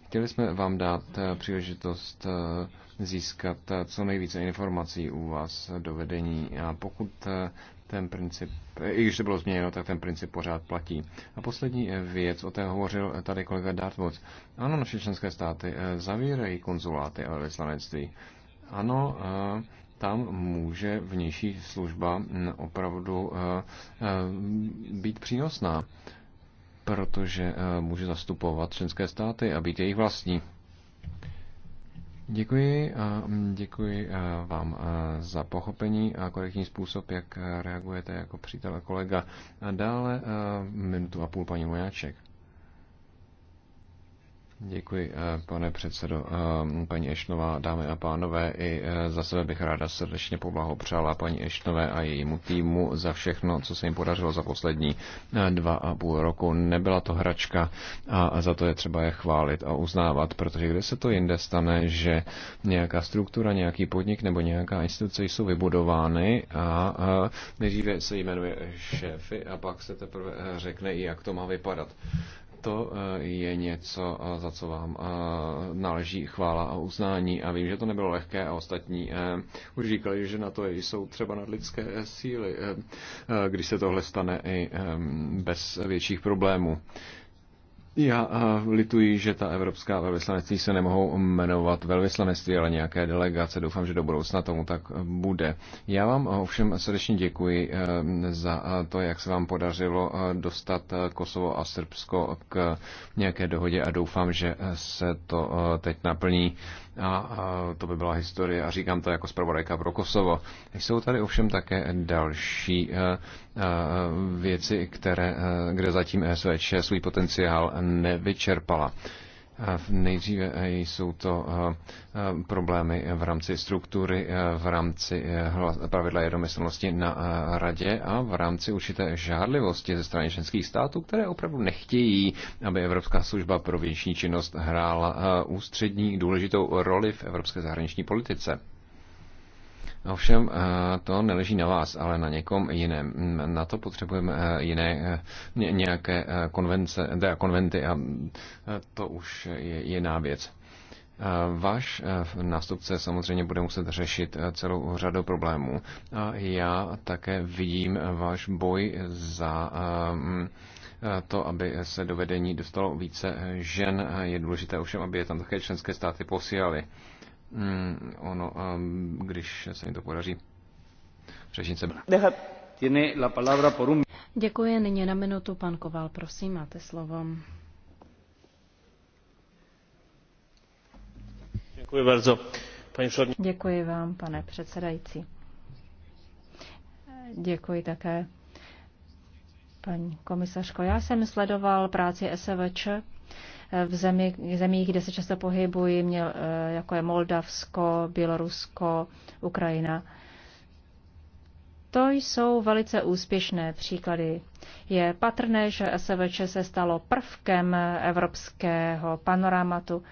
Chtěli jsme vám dát příležitost získat co nejvíce informací u vás do vedení a pokud ten princip, i když to bylo změněno, tak ten princip pořád platí. A poslední eh, věc, o té hovořil eh, tady kolega Dartmouth. Ano, naše členské státy eh, zavírají konzuláty a vyslanectví. Ano, tam může vnější služba mm, opravdu být přínosná, protože může zastupovat členské státy a být jejich vlastní. Děkuji a mm, děkuji eh, vám eh, za pochopení a korektní způsob, jak reagujete jako přítel a kolega. A dále eh, minutu a půl paní Mojáček. Děkuji, eh, pane předsedo. Eh, paní Ešnová, dámy a pánové, i eh, za sebe bych ráda srdečně poblahopřála paní Ešnové a jejímu týmu za všechno, co se jim podařilo za poslední dva a půl roku. Nebyla to hračka a za to je třeba je chválit a uznávat, protože kde se to jinde stane, že nějaká struktura, nějaký podnik nebo nějaká instituce jsou vybudovány a nejdříve se jmenuje šéfy a pak se teprve řekne, jak to má vypadat to eh, je něco, eh, za co vám eh, náleží chvála a uznání. A vím, že to nebylo lehké a ostatní už říkali, že na to jsou třeba nadlidské síly, když se tohle stane i bez větších problémů. Já eh, lituji, že ta evropská velvyslanectví se nemohou jmenovat velvyslanectví, ale nějaké delegace. Doufám, že do budoucna tomu tak bude. Já vám ovšem srdečně děkuji eh, za eh, to, jak se vám podařilo dostat Kosovo a Srbsko k nějaké dohodě a doufám, že se to teď naplní. A to by byla historie a říkám to jako zpravodajka pro Kosovo. Jsou tady ovšem také další věci, které, kde zatím SVČ svůj potenciál nevyčerpala. Nejdříve eh, jsou to eh, eh, problémy v rámci struktury, v rámci pravidla jednomyslnosti na radě a v rámci určité žádlivosti ze strany členských států, které opravdu nechtějí, aby Evropská služba pro vnější činnost hrála ústřední důležitou roli v evropské zahraniční politice. Ovšem eh, to neleží na vás, ale na někom jiném. Na to potřebujeme eh, jiné eh, nějaké konvence, teda konventy a to už je jiná věc. Váš nástupce samozřejmě bude muset řešit celou řadu problémů. A já také vidím váš boj za ehm, to, aby se do vedení dostalo více žen. Je důležité ovšem, aby je tam také členské státy posílali. Mm, ono, um, když se mi to podaří. Řečnice byla. Děkuji. Nyní na minutu pan Koval, prosím, máte slovo. Děkuji bardzo. Děkuji vám, pane předsedající. Děkuji také, paní komisařko. Já jsem sledoval práci SVČ v zemi, zemích, kde se často pohybují, měl, eh, jako je Moldavsko, Bělorusko, Ukrajina. To jsou velice úspěšné příklady. Je patrné, že SVČ se stalo prvkem evropského panoramatu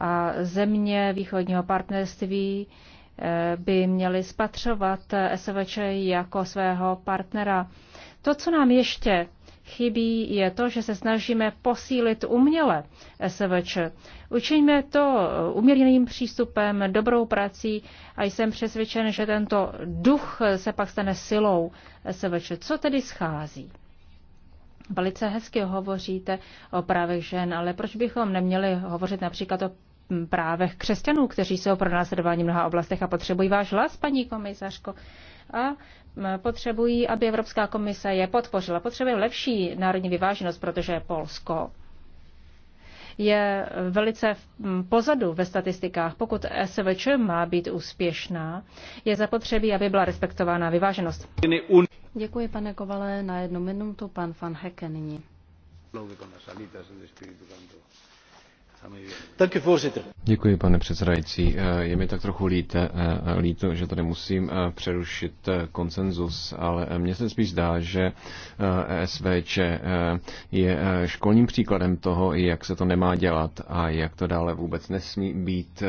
a země východního partnerství eh, by měly spatřovat SVČ jako svého partnera. To, co nám ještě chybí, je to, že se snažíme posílit uměle SVČ. Učiňme to umělým přístupem, dobrou prací a jsem přesvědčen, že tento duch se pak stane silou SVČ. Co tedy schází? Velice hezky hovoříte o právech žen, ale proč bychom neměli hovořit například o právech křesťanů, kteří jsou pro nás v mnoha oblastech a potřebují váš hlas, paní komisařko a potřebují, aby Evropská komise je podpořila. Potřebuje lepší národní vyváženost, protože Polsko je velice pozadu ve statistikách. Pokud SVČ má být úspěšná, je zapotřebí, aby byla respektována vyváženost. Děkuji, pane Kovale. Na jednu minutu pan Van Heke nyní. Děkuji, pane předsedající. Eh, je mi tak trochu líte, eh, líto, že tady musím eh, přerušit konsenzus, ale mně se spíš zdá, že e SVČ je školním příkladem toho, jak se to nemá dělat a jak to dále vůbec nesmí být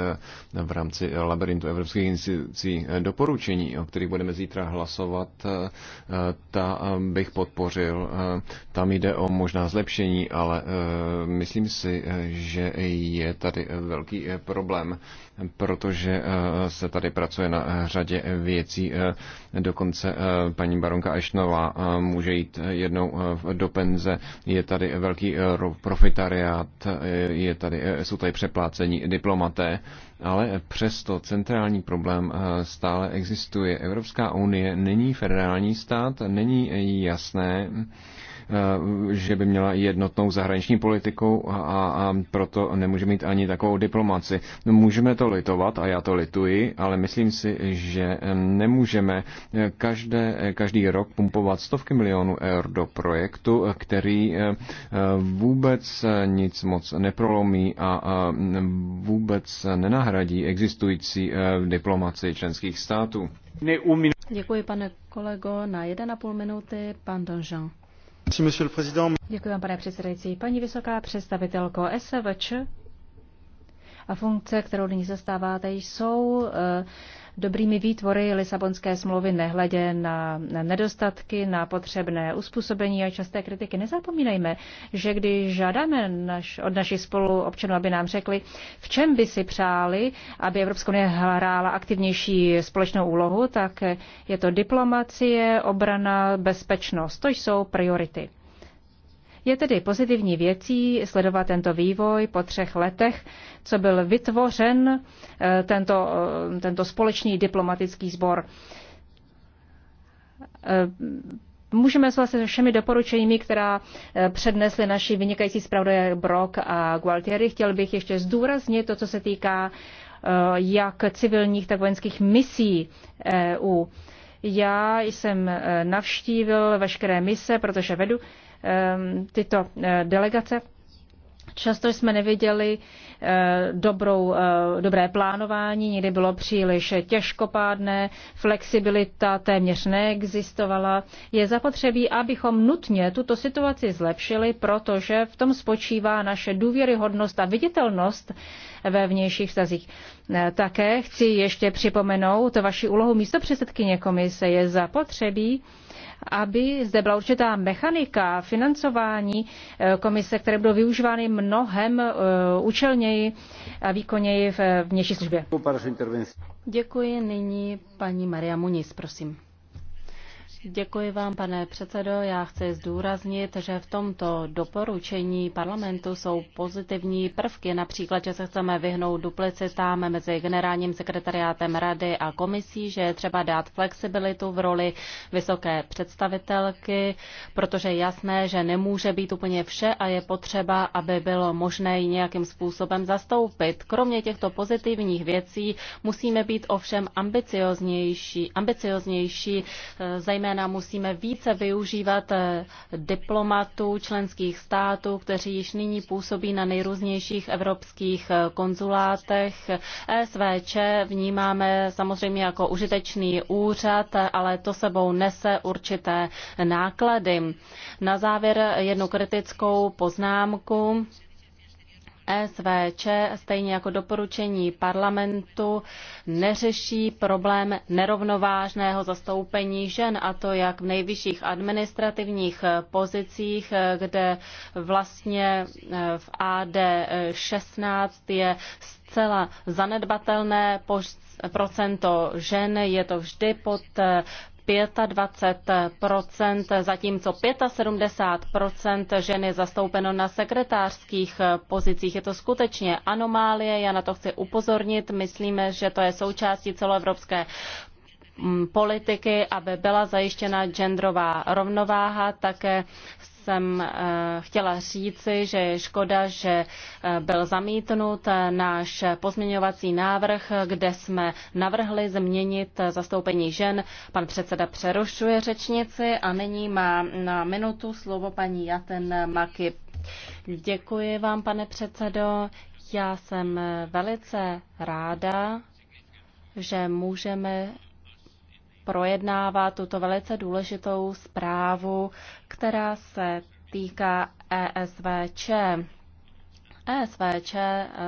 v rámci labirintu evropských institucí. Doporučení, o kterých budeme zítra hlasovat, ta bych podpořil. Tam jde o možná zlepšení, ale myslím si, že je tady eh, velký eh, problém, protože eh, se tady pracuje na řadě věcí. Dokonce paní baronka Ešnová může jít jednou do penze. Je tady velký profitariát, je tady, jsou tady přeplácení diplomaté, ale přesto centrální problém stále existuje. Evropská unie není federální stát, není jasné, Eh, že by měla jednotnou zahraniční politiku a, a proto nemůže mít ani takovou diplomaci. No, můžeme to litovat a já to lituji, ale myslím si, že eh, nemůžeme eh, každé, každý rok pumpovat stovky milionů eur do projektu, který vůbec nic moc neprolomí a mm, vůbec nenahradí existující diplomaci členských států. Děkuji, pane kolego. Na 1,5 minuty pan Donžan. Děkuji vám, pane předsedající. Paní vysoká představitelko SVČ a funkce, kterou nyní zastáváte, jsou eh, dobrými výtvory Lisabonské smlouvy nehledě na nedostatky, na potřebné uspůsobení a časté kritiky. Nezapomínejme, že když žádáme naš, od našich spoluobčanů, aby nám řekli, v čem by si přáli, aby Evropská unie hrála aktivnější společnou úlohu, tak je to diplomacie, obrana, bezpečnost. To jsou priority. Je tedy pozitivní věcí sledovat tento vývoj po třech letech, co byl vytvořen eh, tento, eh, tento společný diplomatický sbor. Eh, můžeme souhlasit se všemi doporučeními, která přednesli naši vynikající zpravodaje Brock a Gualtieri. Chtěl bych ještě zdůraznit to, co se týká jak civilních, tak vojenských misí EU. Já jsem navštívil veškeré mise, protože vedu Ehm, tyto eh, delegace. Často jsme neviděli eh, dobrou, eh, dobré plánování, někdy bylo příliš těžkopádné, flexibilita téměř neexistovala. Je zapotřebí, abychom nutně tuto situaci zlepšili, protože v tom spočívá naše důvěryhodnost a viditelnost ve vnějších vztazích. Také chci ještě připomenout vaši úlohu místo předsedkyně komise. Je zapotřebí, aby zde byla určitá mechanika financování eh, komise, které budou využívány mnohem eh, účelněji a výkonněji v eh, vnější službě. Děkuji nyní paní Maria Muniz, prosím. Děkuji vám, pane předsedo. Já chci zdůraznit, že v tomto doporučení parlamentu jsou pozitivní prvky, například, že se chceme vyhnout duplicitám mezi generálním sekretariátem rady a komisí, že je třeba dát flexibilitu v roli vysoké představitelky, protože je jasné, že nemůže být úplně vše a je potřeba, aby bylo možné ji nějakým způsobem zastoupit. Kromě těchto pozitivních věcí musíme být ovšem ambicioznější, ambicioznější eh, zejména znamená, musíme více využívat eh, diplomatů členských států, kteří již nyní působí na nejrůznějších evropských eh, konzulátech. SVČ vnímáme samozřejmě jako užitečný úřad, ale to sebou nese určité náklady. Na závěr jednu kritickou poznámku. SVČ, stejně jako doporučení parlamentu, neřeší problém nerovnovážného zastoupení žen, a to jak v nejvyšších administrativních pozicích, kde vlastně e, v AD 16 je zcela zanedbatelné procento žen, je to vždy pod e, 25 zatímco 75 žen je zastoupeno na sekretářských pozicích. Je to skutečně anomálie, já na to chci upozornit. Myslíme, že to je součástí celoevropské mm, politiky, aby byla zajištěna genderová rovnováha, také jsem eh, chtěla říci, že je škoda, že eh, byl zamítnut eh, náš pozměňovací návrh, kde jsme navrhli změnit zastoupení žen. Pan předseda přerušuje řečnici a nyní má na minutu slovo paní Jaten Maky. Děkuji vám, pane předsedo. Já jsem velice ráda, že můžeme projednává tuto velice důležitou zprávu, která se týká ESVČ. ESVČ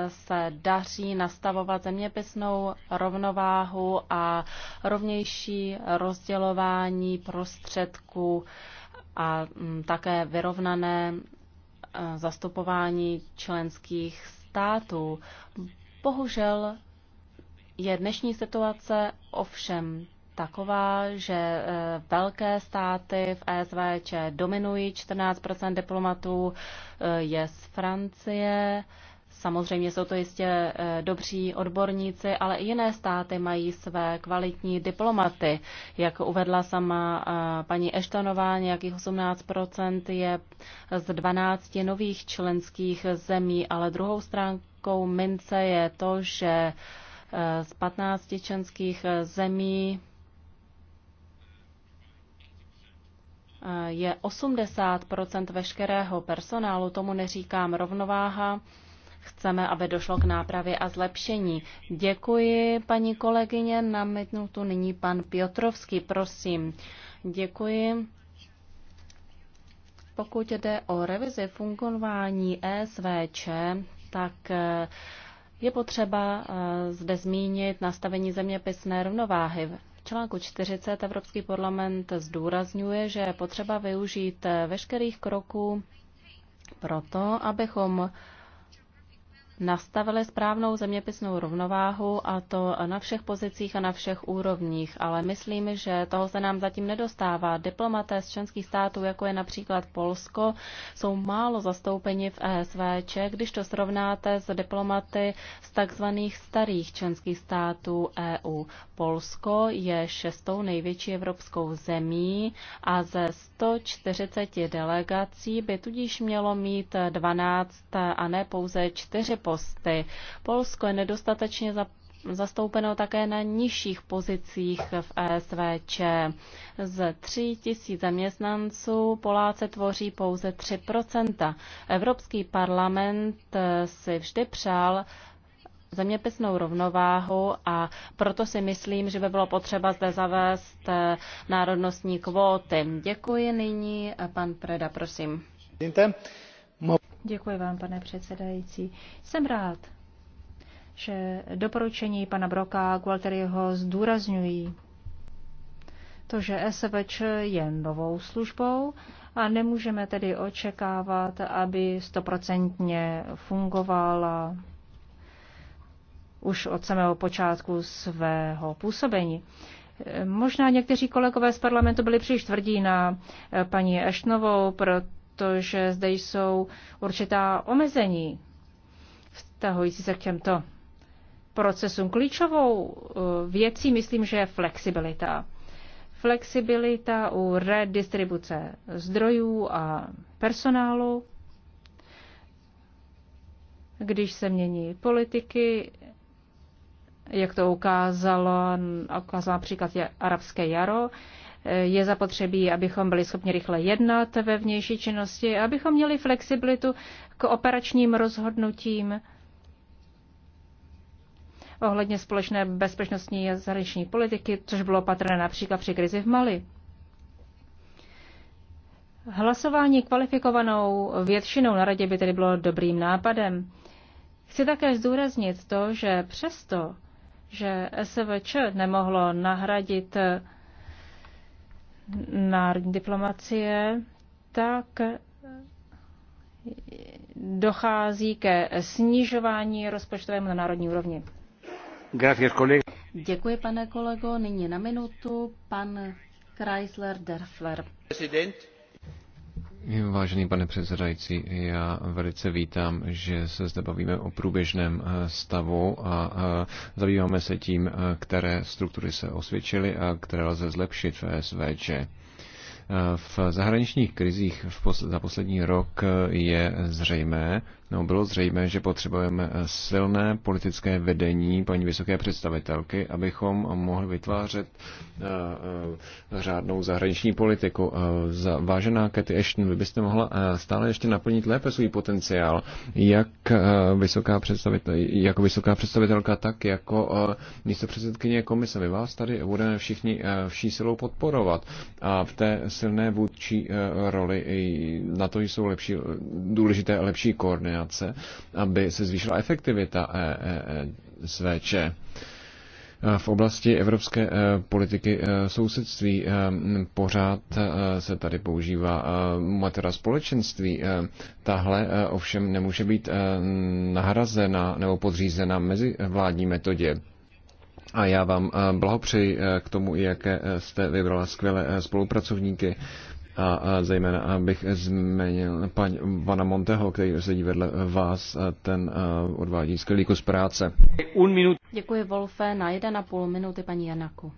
se daří nastavovat zeměpisnou rovnováhu a rovnější rozdělování prostředků a mm, také vyrovnané e, zastupování členských států. Bohužel je dnešní situace ovšem taková, že e, velké státy v ESVČ dominují, 14 diplomatů e, je z Francie, Samozřejmě jsou to jistě e, dobří odborníci, ale i jiné státy mají své kvalitní diplomaty. Jak uvedla sama paní Eštanová, nějakých 18 je z 12 nových členských zemí, ale druhou stránkou mince je to, že z 15 členských zemí Eh, je 80 veškerého personálu, tomu neříkám rovnováha, chceme, aby došlo k nápravě a zlepšení. Děkuji, paní kolegyně, na tu nyní pan Piotrovský, prosím. Děkuji. Pokud jde o revizi fungování ESVČ, tak eh, je potřeba eh, zde zmínit nastavení zeměpisné rovnováhy článku 40 Evropský parlament zdůrazňuje, že je potřeba využít veškerých kroků proto, abychom nastavili správnou zeměpisnou rovnováhu a to na všech pozicích a na všech úrovních, ale myslím, že toho se nám zatím nedostává. Diplomaté z členských států, jako je například Polsko, jsou málo zastoupeni v ESVČ, když to srovnáte s diplomaty z takzvaných starých členských států EU. Polsko je šestou největší evropskou zemí a ze 140 delegací by tudíž mělo mít 12 a ne pouze 4 posty. Polsko je nedostatečně za zastoupeno také na nižších pozicích v ESVČ. Z 3 tisíc zaměstnanců Poláce tvoří pouze 3 Evropský parlament eh, si vždy přál zeměpisnou rovnováhu a proto si myslím, že by bylo potřeba zde zavést eh, národnostní kvóty. Děkuji nyní, eh, pan Preda, prosím. Děkuji vám, pane předsedající. Jsem rád, že doporučení pana Broka a Gualteriho zdůrazňují to, že SVČ je novou službou a nemůžeme tedy očekávat, aby stoprocentně fungovala už od samého počátku svého působení. Možná někteří kolegové z parlamentu byli příliš tvrdí na paní Eštnovou, proto protože zde jsou určitá omezení vztahující se k těmto procesům. Klíčovou eh, věcí myslím, že je flexibilita. Flexibilita u redistribuce zdrojů a personálu, když se mění politiky, jak to ukázalo, ukázalo například je arabské jaro, je zapotřebí, abychom byli schopni rychle jednat ve vnější činnosti, abychom měli flexibilitu k operačním rozhodnutím ohledně společné bezpečnostní a zahraniční politiky, což bylo patrné například při krizi v Mali. Hlasování kvalifikovanou většinou na radě by tedy bylo dobrým nápadem. Chci také zdůraznit to, že přesto, že SVČ nemohlo nahradit národní diplomacie, tak dochází ke snižování rozpočtovému na národní úrovni. Gracias, Děkuji, pane kolego. Nyní na minutu pan Chrysler Derfler. President. Vážený pane předsedající, já velice vítám, že se zde bavíme o průběžném eh, stavu a eh, zabýváme se tím, eh, které struktury se osvědčily a které lze zlepšit v SVČ. V zahraničních krizích v pos- za poslední rok je zřejmé, no bylo zřejmé, že potřebujeme silné politické vedení paní vysoké představitelky, abychom mohli vytvářet eh, eh, řádnou zahraniční politiku. Eh, za vážená Cathy Ashton, vy byste mohla stále ještě naplnit lépe svůj potenciál, jak vysoká představitel, jako vysoká představitelka, tak jako místo předsedkyně komise. Vy vás tady budeme všichni vší silou podporovat. A v té silné vůdčí eh, roli, na to jsou lepší, důležité lepší koordinace, aby se zvýšila efektivita eh, eh, SVČ v oblasti evropské politiky sousedství. Pořád se tady používá matera společenství. Tahle ovšem nemůže být nahrazena nebo podřízena mezi vládní metodě. A já vám eh, blahopřeji eh, k tomu, jaké eh, jste vybrala skvělé spolupracovníky a zejména bych zmenil paní Vana Monteho, který sedí vedle vás, ten odvádí skvělý kus práce. Děkuji Wolfe, na půl minuty paní Janaku.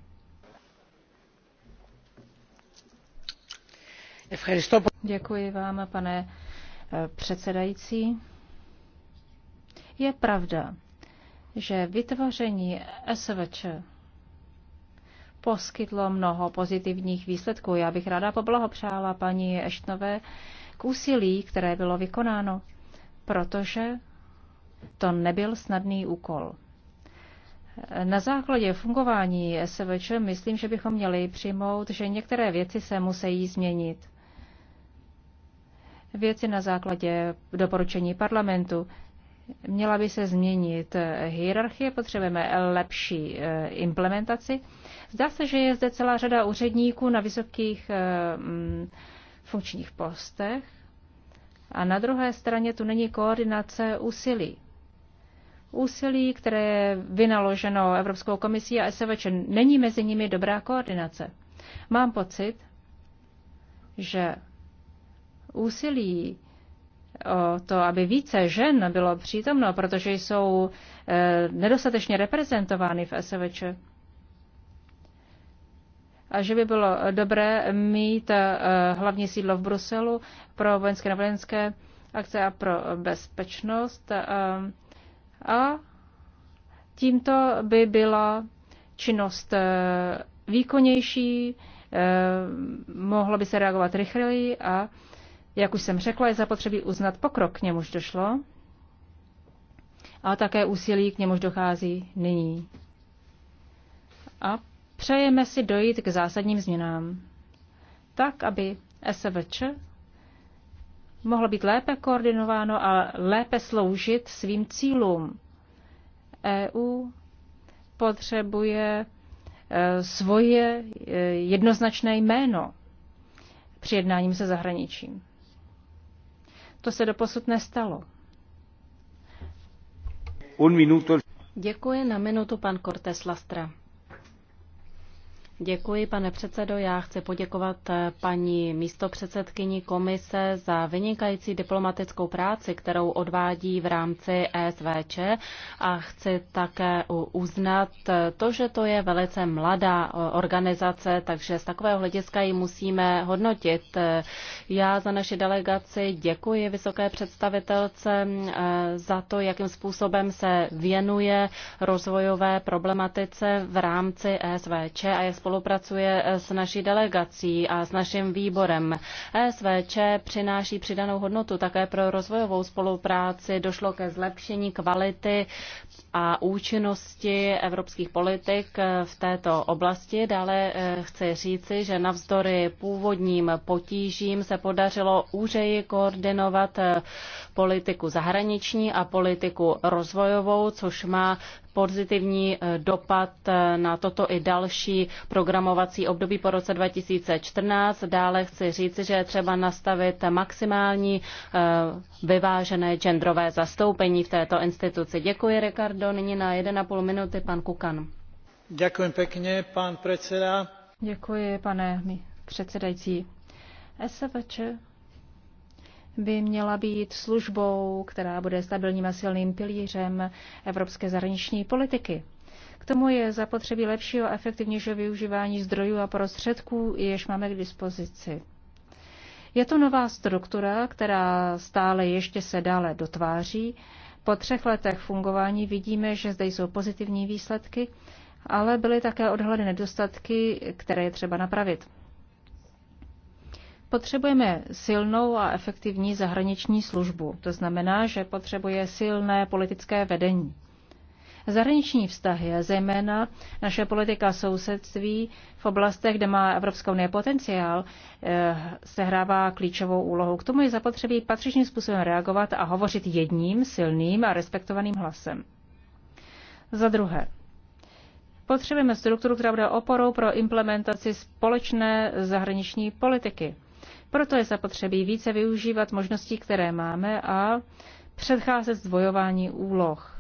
Děkuji vám, pane předsedající. Je pravda, že vytvoření SVČ poskytlo mnoho pozitivních výsledků. Já bych ráda poblahopřála paní Eštnové k úsilí, které bylo vykonáno, protože to nebyl snadný úkol. Na základě fungování SVČ myslím, že bychom měli přijmout, že některé věci se musí změnit. Věci na základě doporučení parlamentu, Měla by se změnit hierarchie, potřebujeme lepší eh, implementaci. Zdá se, že je zde celá řada úředníků na vysokých eh, mm, funkčních postech a na druhé straně tu není koordinace úsilí úsilí, které je vynaloženo Evropskou komisí a SVČ. Není mezi nimi dobrá koordinace. Mám pocit, že úsilí o to, aby více žen bylo přítomno, protože jsou eh, nedostatečně reprezentovány v SVČ. A že by bylo dobré mít eh, hlavní sídlo v Bruselu pro vojenské a nevojenské akce a pro bezpečnost. Eh, a tímto by byla činnost výkonnější, mohlo by se reagovat rychleji a jak už jsem řekla, je zapotřebí uznat pokrok, k němuž došlo, a také úsilí, k němuž dochází nyní. A přejeme si dojít k zásadním změnám, tak, aby SVČ mohlo být lépe koordinováno a lépe sloužit svým cílům. EU potřebuje e, svoje e, jednoznačné jméno při jednáním se zahraničím. To se doposud nestalo. Un minuto. Děkuji na minutu pan Cortés Lastra. Děkuji, pane předsedo. Já chci poděkovat eh, paní místopředsedkyni komise za vynikající diplomatickou práci, kterou odvádí v rámci ESVČ a chci také uznat eh, to, že to je velice mladá eh, organizace, takže z takového hlediska ji musíme hodnotit. Já za naši delegaci děkuji vysoké představitelce za to, jakým způsobem se věnuje rozvojové problematice v rámci ESVČ a je spolu spolupracuje eh, s naší delegací a s naším výborem. ESVČ přináší přidanou hodnotu také pro rozvojovou spolupráci. Došlo ke zlepšení kvality a účinnosti evropských politik v této oblasti. Dále eh, chci říci, že navzdory původním potížím se podařilo úřeji koordinovat eh, politiku zahraniční a politiku rozvojovou, což má pozitivní eh, dopad na toto i další programovací období po roce 2014. Dále chci říci, že je třeba nastavit maximální vyvážené genderové zastoupení v této instituci. Děkuji, Ricardo Ricardo, nyní na 1,5 minuty pan Kukan. Děkuji pěkně, pan předseda. Děkuji, pane předsedající. SVČ by měla být službou, která bude stabilním a silným pilířem evropské zahraniční politiky. K tomu je zapotřebí lepšího a efektivnějšího využívání zdrojů a prostředků, jež máme k dispozici. Je to nová struktura, která stále ještě se dále dotváří po třech letech fungování vidíme, že zde jsou pozitivní výsledky, ale byly také odhaleny nedostatky, které je třeba napravit. Potřebujeme silnou a efektivní zahraniční službu. To znamená, že potřebuje silné politické vedení. Zahraniční vztahy a zejména naše politika sousedství v oblastech, kde má Evropská unie potenciál, eh, sehrává klíčovou úlohu. K tomu je zapotřebí patřičným způsobem reagovat a hovořit jedním, silným a respektovaným hlasem. Za druhé, potřebujeme strukturu, která bude oporou pro implementaci společné zahraniční politiky. Proto je zapotřebí více využívat možností, které máme a předcházet zdvojování úloh.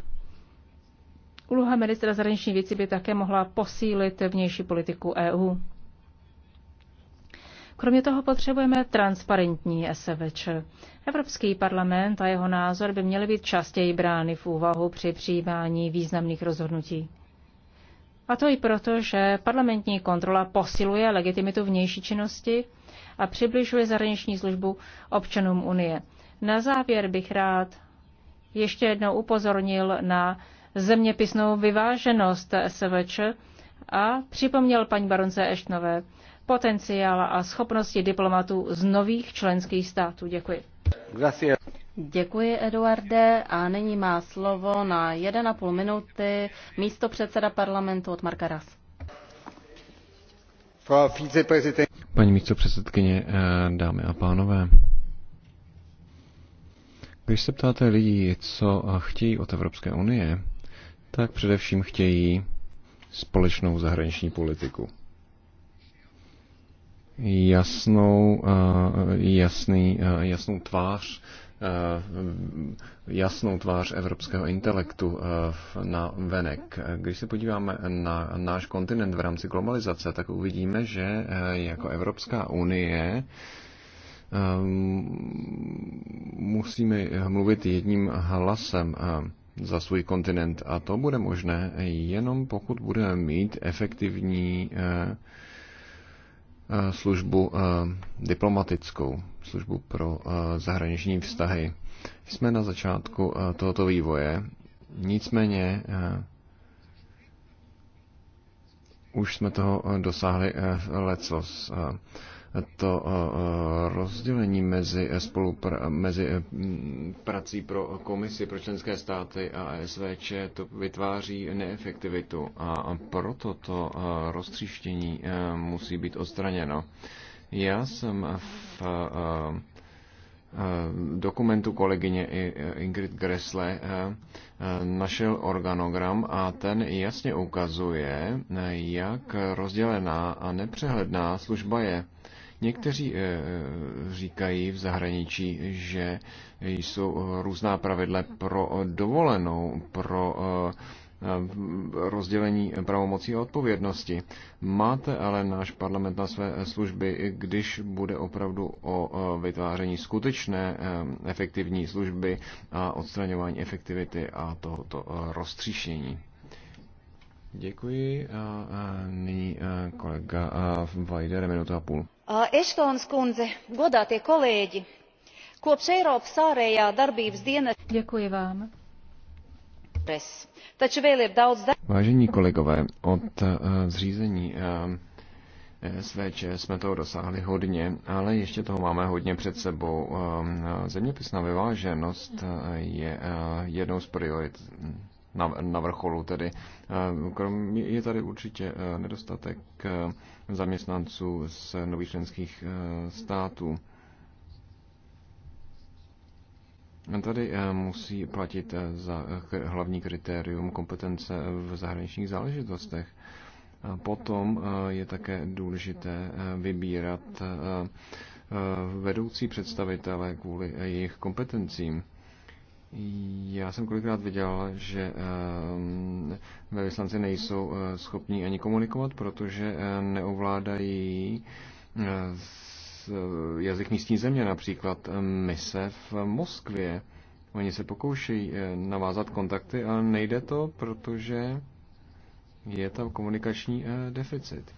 Úloha ministra zahraničních věcí by také mohla posílit vnější politiku EU. Kromě toho potřebujeme transparentní SVČ. Evropský parlament a jeho názor by měly být častěji brány v úvahu při přijímání významných rozhodnutí. A to i proto, že parlamentní kontrola posiluje legitimitu vnější činnosti a přibližuje zahraniční službu občanům Unie. Na závěr bych rád ještě jednou upozornil na zeměpisnou vyváženost SVČ a připomněl paní baronce Eštnové potenciál a schopnosti diplomatů z nových členských států. Děkuji. Gracias. Děkuji, Eduarde. A nyní má slovo na 1,5 minuty místo předseda parlamentu od Marka Ras. Paní místo předsedkyně, eh, dámy a pánové, když se ptáte lidí, co eh, chtějí od Evropské unie, tak především chtějí společnou zahraniční politiku. Jasnou, eh, jasný, eh, jasnou tvář eh, jasnou tvář evropského intelektu na venek. Když se podíváme na náš kontinent v rámci globalizace, tak uvidíme, že jako Evropská unie musíme mluvit jedním hlasem za svůj kontinent. A to bude možné jenom pokud budeme mít efektivní eh, eh, službu eh, diplomatickou, službu pro zahraniční vztahy. Jsme na začátku tohoto vývoje, nicméně už jsme toho dosáhli letos to eh, eh, rozdělení mezi, eh, spolupra- mezi prací pro komisi pro členské státy a SVČ to vytváří neefektivitu a proto to roztříštění musí být odstraněno. Já jsem v dokumentu kolegyně Ingrid Gressle našel organogram a ten jasně ukazuje, jak rozdělená a nepřehledná služba je. Někteří eh, eh, říkají v zahraničí, že jsou různá pravidla pro dovolenou, pro eh, rozdělení pravomocí a odpovědnosti. Máte ale náš parlament na své služby, když bude opravdu o vytváření skutečné efektivní služby a odstraňování efektivity a tohoto roztříšení. Děkuji a nyní kolega Vajder, minuta a půl. Eštons kundze, godātie kolēģi, kopš Eiropas ārējā darbības dienas... Taču vēl ir daudz... Vážení kolegové, od eh, zřízení eh, SVČ jsme toho dosáhli hodně, ale ještě toho máme hodně před sebou. Eh, zeměpisná vyváženost je jednou z priorit na, vrcholu tedy. je tady určitě nedostatek zaměstnanců z nových členských eh, států. Tady eh, musí platit eh, za hlavní kritérium kompetence v zahraničních záležitostech. A potom je také důležité vybírat vedoucí představitele kvůli jejich kompetencím. Já jsem kolikrát viděl, že uh, velvyslanci nejsou eh, schopní ani komunikovat, protože eh, neovládají eh, jazyk místní země, například mise v Moskvě. Oni se pokoušejí navázat kontakty, ale nejde to, protože je tam komunikační deficit.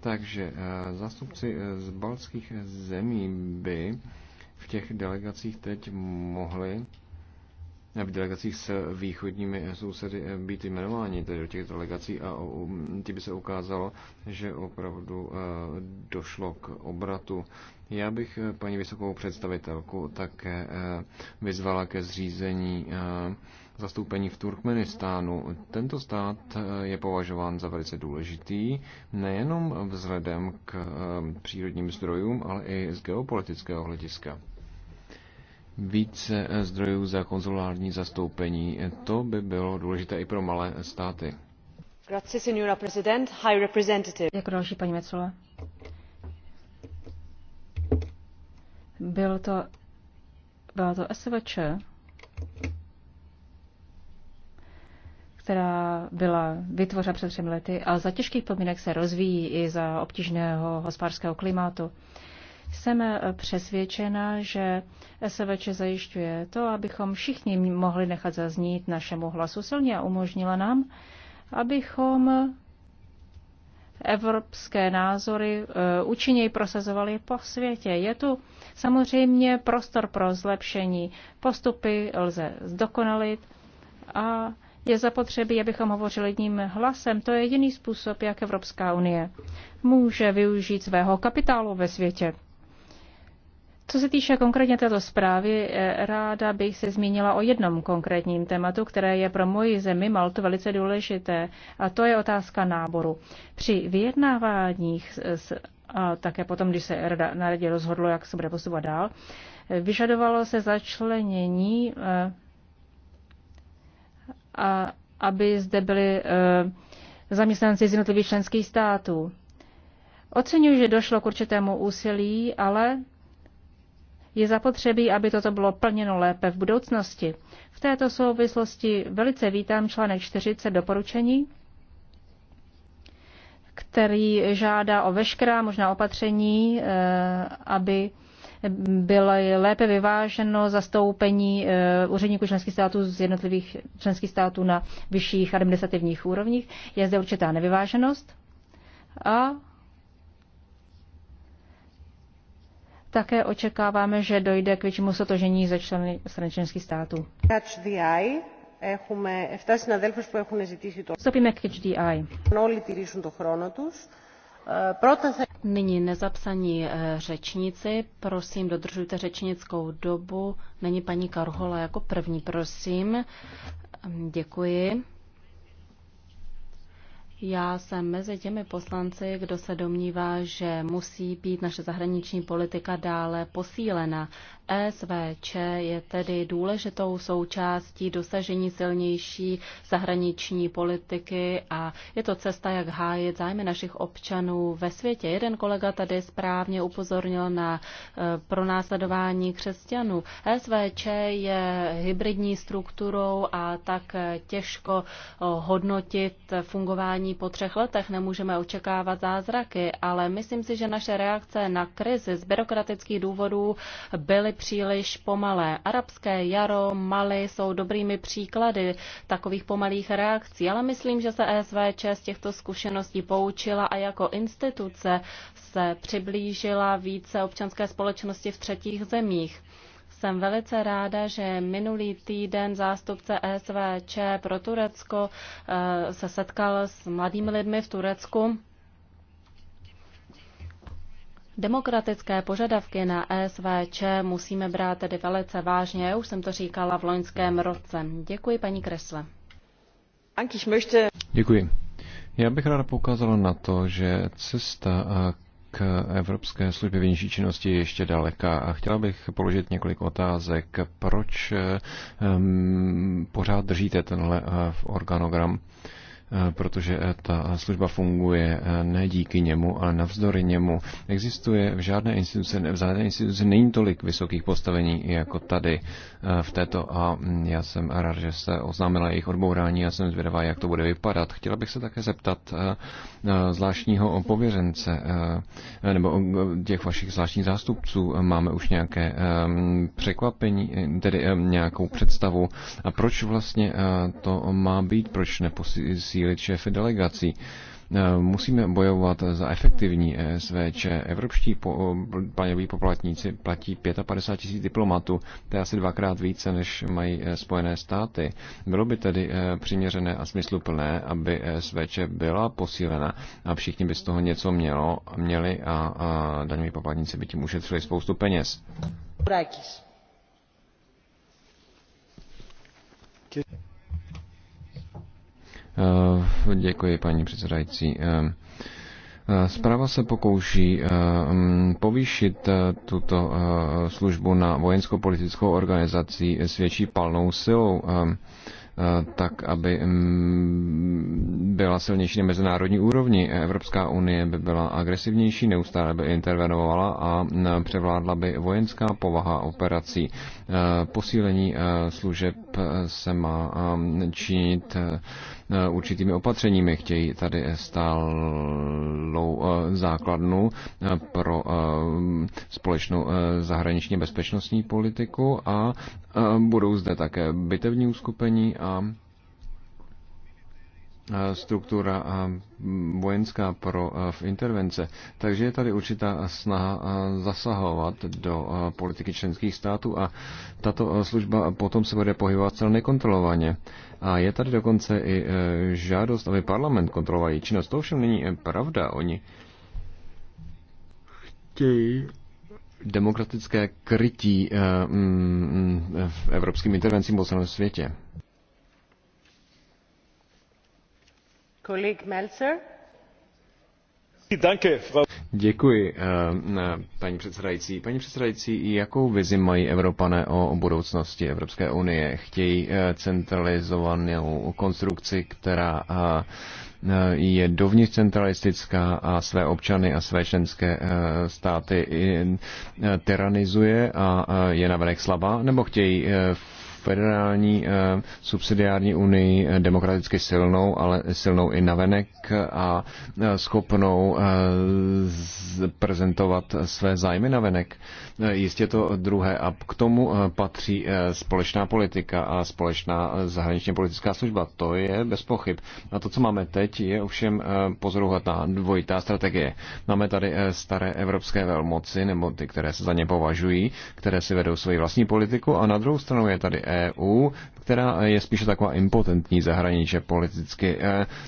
Takže zástupci z baltských zemí by v těch delegacích teď mohli eh, v delegacích s východními sousedy eh, být jmenováni tedy do těch delegací a ti by se ukázalo, že opravdu eh, došlo k obratu. Já bych paní vysokou představitelku také vyzvala ke zřízení zastoupení v Turkmenistánu. Tento stát eh, je považován za velice důležitý, nejenom vzhledem k eh, přírodním zdrojům, ale i z geopolitického hlediska. Více eh, zdrojů za konzulární zastoupení, to by bylo důležité i pro malé státy. Grazie, signora President, High Representative. Jako další paní Mecola. Byl to, byla to SVČ, která byla vytvořena před třemi lety a za těžkých podmínek se rozvíjí i za obtížného hospodářského klimatu. Jsem eh, přesvědčena, že SVČ zajišťuje to, abychom všichni mohli nechat zaznít našemu hlasu silně a umožnila nám, abychom evropské názory eh, účinněji prosazovali po světě. Je tu samozřejmě prostor pro zlepšení. Postupy lze zdokonalit a je zapotřebí, abychom hovořili jedním hlasem. To je jediný způsob, jak Evropská unie může využít svého kapitálu ve světě. Co se týče konkrétně této zprávy, eh, ráda bych se zmínila o jednom konkrétním tématu, které je pro moji zemi Maltu velice důležité, a to je otázka náboru. Při vyjednáváních s a také potom, když se rada, na radě rozhodlo, jak se bude postupovat dál, eh, vyžadovalo se začlenění eh, a aby zde byli eh, zaměstnanci z jednotlivých členských států. Oceňuji, že došlo k určitému úsilí, ale je zapotřebí, aby toto bylo plněno lépe v budoucnosti. V této souvislosti velice vítám článek 40 doporučení, který žádá o veškerá možná opatření, eh, aby bylo lépe vyváženo zastoupení eh, úředníků členských států z jednotlivých členských států na vyšších administrativních úrovních. Je zde určitá nevyváženost a také očekáváme, že dojde k většímu sotožení ze členy strany členských států. Vstoupíme k HDI. Nyní nezapsaní eh, řečníci. Prosím, dodržujte řečnickou dobu. Není paní Karhola jako první, prosím. Děkuji. Já jsem mezi těmi poslanci, kdo se domnívá, že musí být naše zahraniční politika dále posílena. ESVČ je tedy důležitou součástí dosažení silnější zahraniční politiky a je to cesta, jak hájit zájmy našich občanů ve světě. Jeden kolega tady správně upozornil na e, pronásledování křesťanů. ESVČ je hybridní strukturou a tak těžko hodnotit fungování po třech letech. Nemůžeme očekávat zázraky, ale myslím si, že naše reakce na krizi z byrokratických důvodů byly příliš pomalé. Arabské jaro, Mali jsou dobrými příklady takových pomalých reakcí, ale myslím, že se ESVČ z těchto zkušeností poučila a jako instituce se přiblížila více občanské společnosti v třetích zemích. Jsem velice ráda, že minulý týden zástupce SVČ pro Turecko eh, se setkal s mladými lidmi v Turecku Demokratické požadavky na ESVČ musíme brát tedy velice vážně, já už jsem to říkala v loňském roce. Děkuji, paní Kresle. Děkuji. Já bych ráda poukázala na to, že cesta eh, k Evropské službě vnější činnosti je ještě daleka a chtěla bych položit několik otázek. Proč um, pořád držíte tenhle uh, organogram? Uh, Eh, protože eh, ta služba funguje eh, ne díky němu, ale navzdory němu. Existuje v žádné instituci, v žádné instituci není tolik vysokých postavení jako tady v této a hm, já jsem rád, že se oznámila jejich odbourání a jsem zvědavá, jak to bude vypadat. Chtěla bych se také zeptat zvláštního pověřence nebo těch vašich zvláštních zástupců. Máme už nějaké hm, překvapení, tedy nějakou představu. A proč vlastně to má být? Proč neposílí posílit šéfy delegací. Eh, musíme bojovat za efektivní ESVČ. Evropští po, daňoví eh, poplatníci platí 55 tisíc diplomatů, to je asi dvakrát více, než mají eh, Spojené státy. Bylo by tedy přiměřené a smysluplné, aby ESVČ byla posílena a všichni by z toho něco mělo, měli a, a daňoví poplatníci by tím ušetřili spoustu peněz. Prakis. Eh, děkuji, paní předsedající. Eh, eh, zpráva se pokouší mm, povýšit tuto službu na vojensko-politickou organizaci s větší palnou silou. Eh, tak aby mm, byla silnější na mezinárodní úrovni. Evropská unie by byla agresivnější, neustále by intervenovala a mm, převládla by vojenská povaha operací. Eh, posílení eh, služeb se má činit určitými opatřeními. Chtějí tady stálou základnu pro společnou zahraničně bezpečnostní politiku a budou zde také bitevní uskupení a a struktura vojenská pro v intervence. Takže je tady určitá snaha zasahovat do politiky členských států a tato služba potom se bude pohybovat celé nekontrolovaně. A je tady dokonce i e, žádost, aby parlament kontroloval její činnost. To ovšem není e, pravda. Oni chtějí demokratické krytí e, evropským intervencím po celém světě. Děkuji, eh, paní předsedající. Paní předsedající, jakou vizi mají Evropané o budoucnosti Evropské unie? Chtějí eh, centralizovanou konstrukci, která eh, je dovnitř centralistická a své občany a své členské státy tyranizuje a je navenek slabá, nebo chtějí federální eh, subsidiární unii eh, demokraticky silnou, ale silnou i navenek a eh, schopnou prezentovat své zájmy navenek. Eh, jistě to druhé. A k tomu eh, patří eh, společná politika a společná zahraničně politická služba. To je bez pochyb. A to, co máme teď, je ovšem pozoruhodná dvojitá strategie. Máme tady staré evropské velmoci, nebo ty, které se za ně považují, které si vedou svoji vlastní politiku. A na druhou stranu je tady EU, která je spíše taková impotentní zahraničně politicky.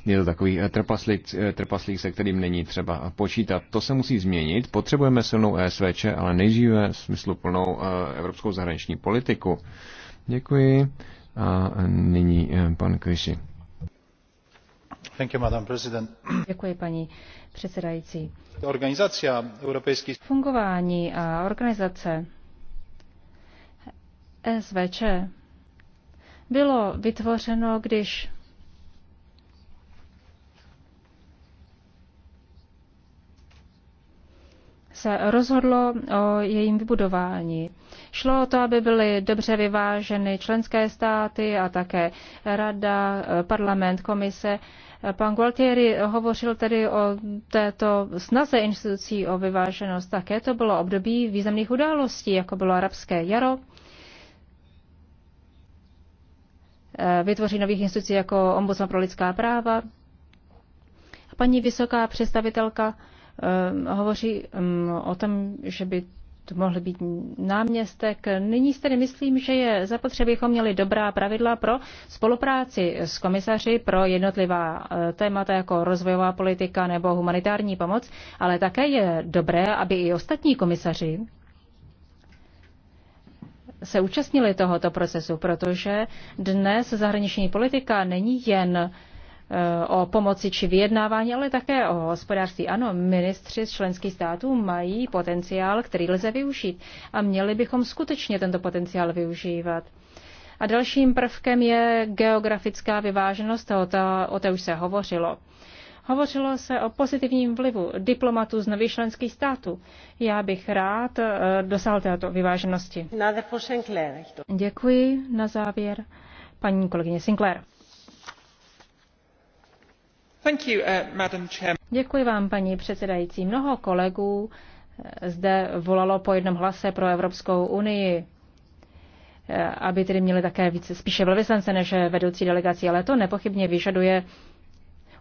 Je to takový trpaslík, trpaslík se kterým není třeba počítat. To se musí změnit. Potřebujeme silnou ESVČ, ale nejdříve potřebujeme smysluplnou eh, evropskou zahraniční politiku. Děkuji. A nyní eh, pan Kryši. Děkuji, paní předsedající. Europejský... Fungování a organizace SVČ bylo vytvořeno, když se rozhodlo o jejím vybudování. Šlo o to, aby byly dobře vyváženy členské státy a také rada, parlament, komise. Pan Gualtieri hovořil tedy o této snaze institucí o vyváženost. Také to bylo období významných událostí, jako bylo arabské jaro, eh, vytvoří nových institucí jako ombudsman pro lidská práva. Paní vysoká představitelka Eh, hovoří mm, o tom, že by to mohl být náměstek. Nyní tedy myslím, že je zapotřebí, bychom měli dobrá pravidla pro spolupráci s komisaři pro jednotlivá eh, témata jako rozvojová politika nebo humanitární pomoc, ale také je dobré, aby i ostatní komisaři se účastnili tohoto procesu, protože dnes zahraniční politika není jen o pomoci či vyjednávání, ale také o hospodářství. Ano, ministři z členských států mají potenciál, který lze využít a měli bychom skutečně tento potenciál využívat. A dalším prvkem je geografická vyváženost, o té, o to už se hovořilo. Hovořilo se o pozitivním vlivu diplomatů z nových členských států. Já bych rád e, dosáhl této vyváženosti. Děkuji na závěr paní kolegyně Sinclair. Uh, Děkuji vám, paní předsedající. Mnoho kolegů eh, zde volalo po jednom hlase pro Evropskou unii eh, aby tedy měli také více spíše velvyslance než vedoucí delegaci, ale to nepochybně vyžaduje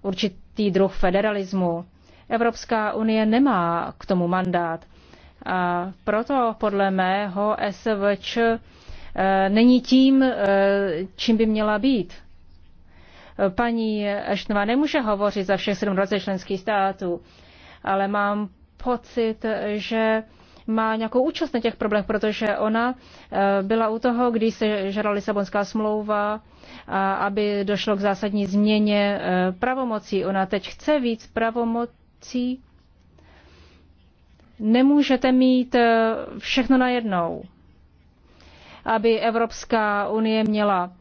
určitý druh federalismu. Evropská unie nemá k tomu mandát. A proto podle mého SVČ eh, není tím, čím by měla být. Paní Eštnová nemůže hovořit za všech 27 členských států, ale mám pocit, že má nějakou účast na těch problémech, protože ona eh, byla u toho, když se žádala Lisabonská smlouva, a aby došlo k zásadní změně eh, pravomocí. Ona teď chce víc pravomocí. Nemůžete mít eh, všechno najednou. Aby Evropská unie měla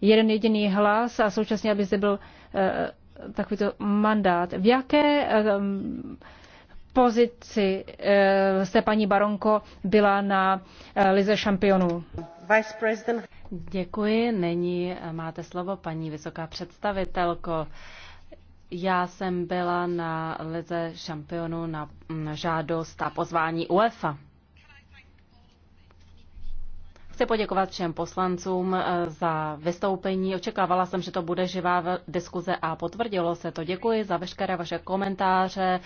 jeden jediný hlas a současně, aby zde byl eh, takovýto mandát. V jaké eh, pozici eh, jste, paní Baronko, byla na Lize šampionů? Děkuji. Není máte slovo, paní vysoká představitelko. Já jsem byla na Lize šampionů na mm, žádost a pozvání UEFA. Chci poděkovat všem poslancům eh, za vystoupení. Očekávala jsem, že to bude živá diskuze a potvrdilo se to. Děkuji za veškeré vaše komentáře,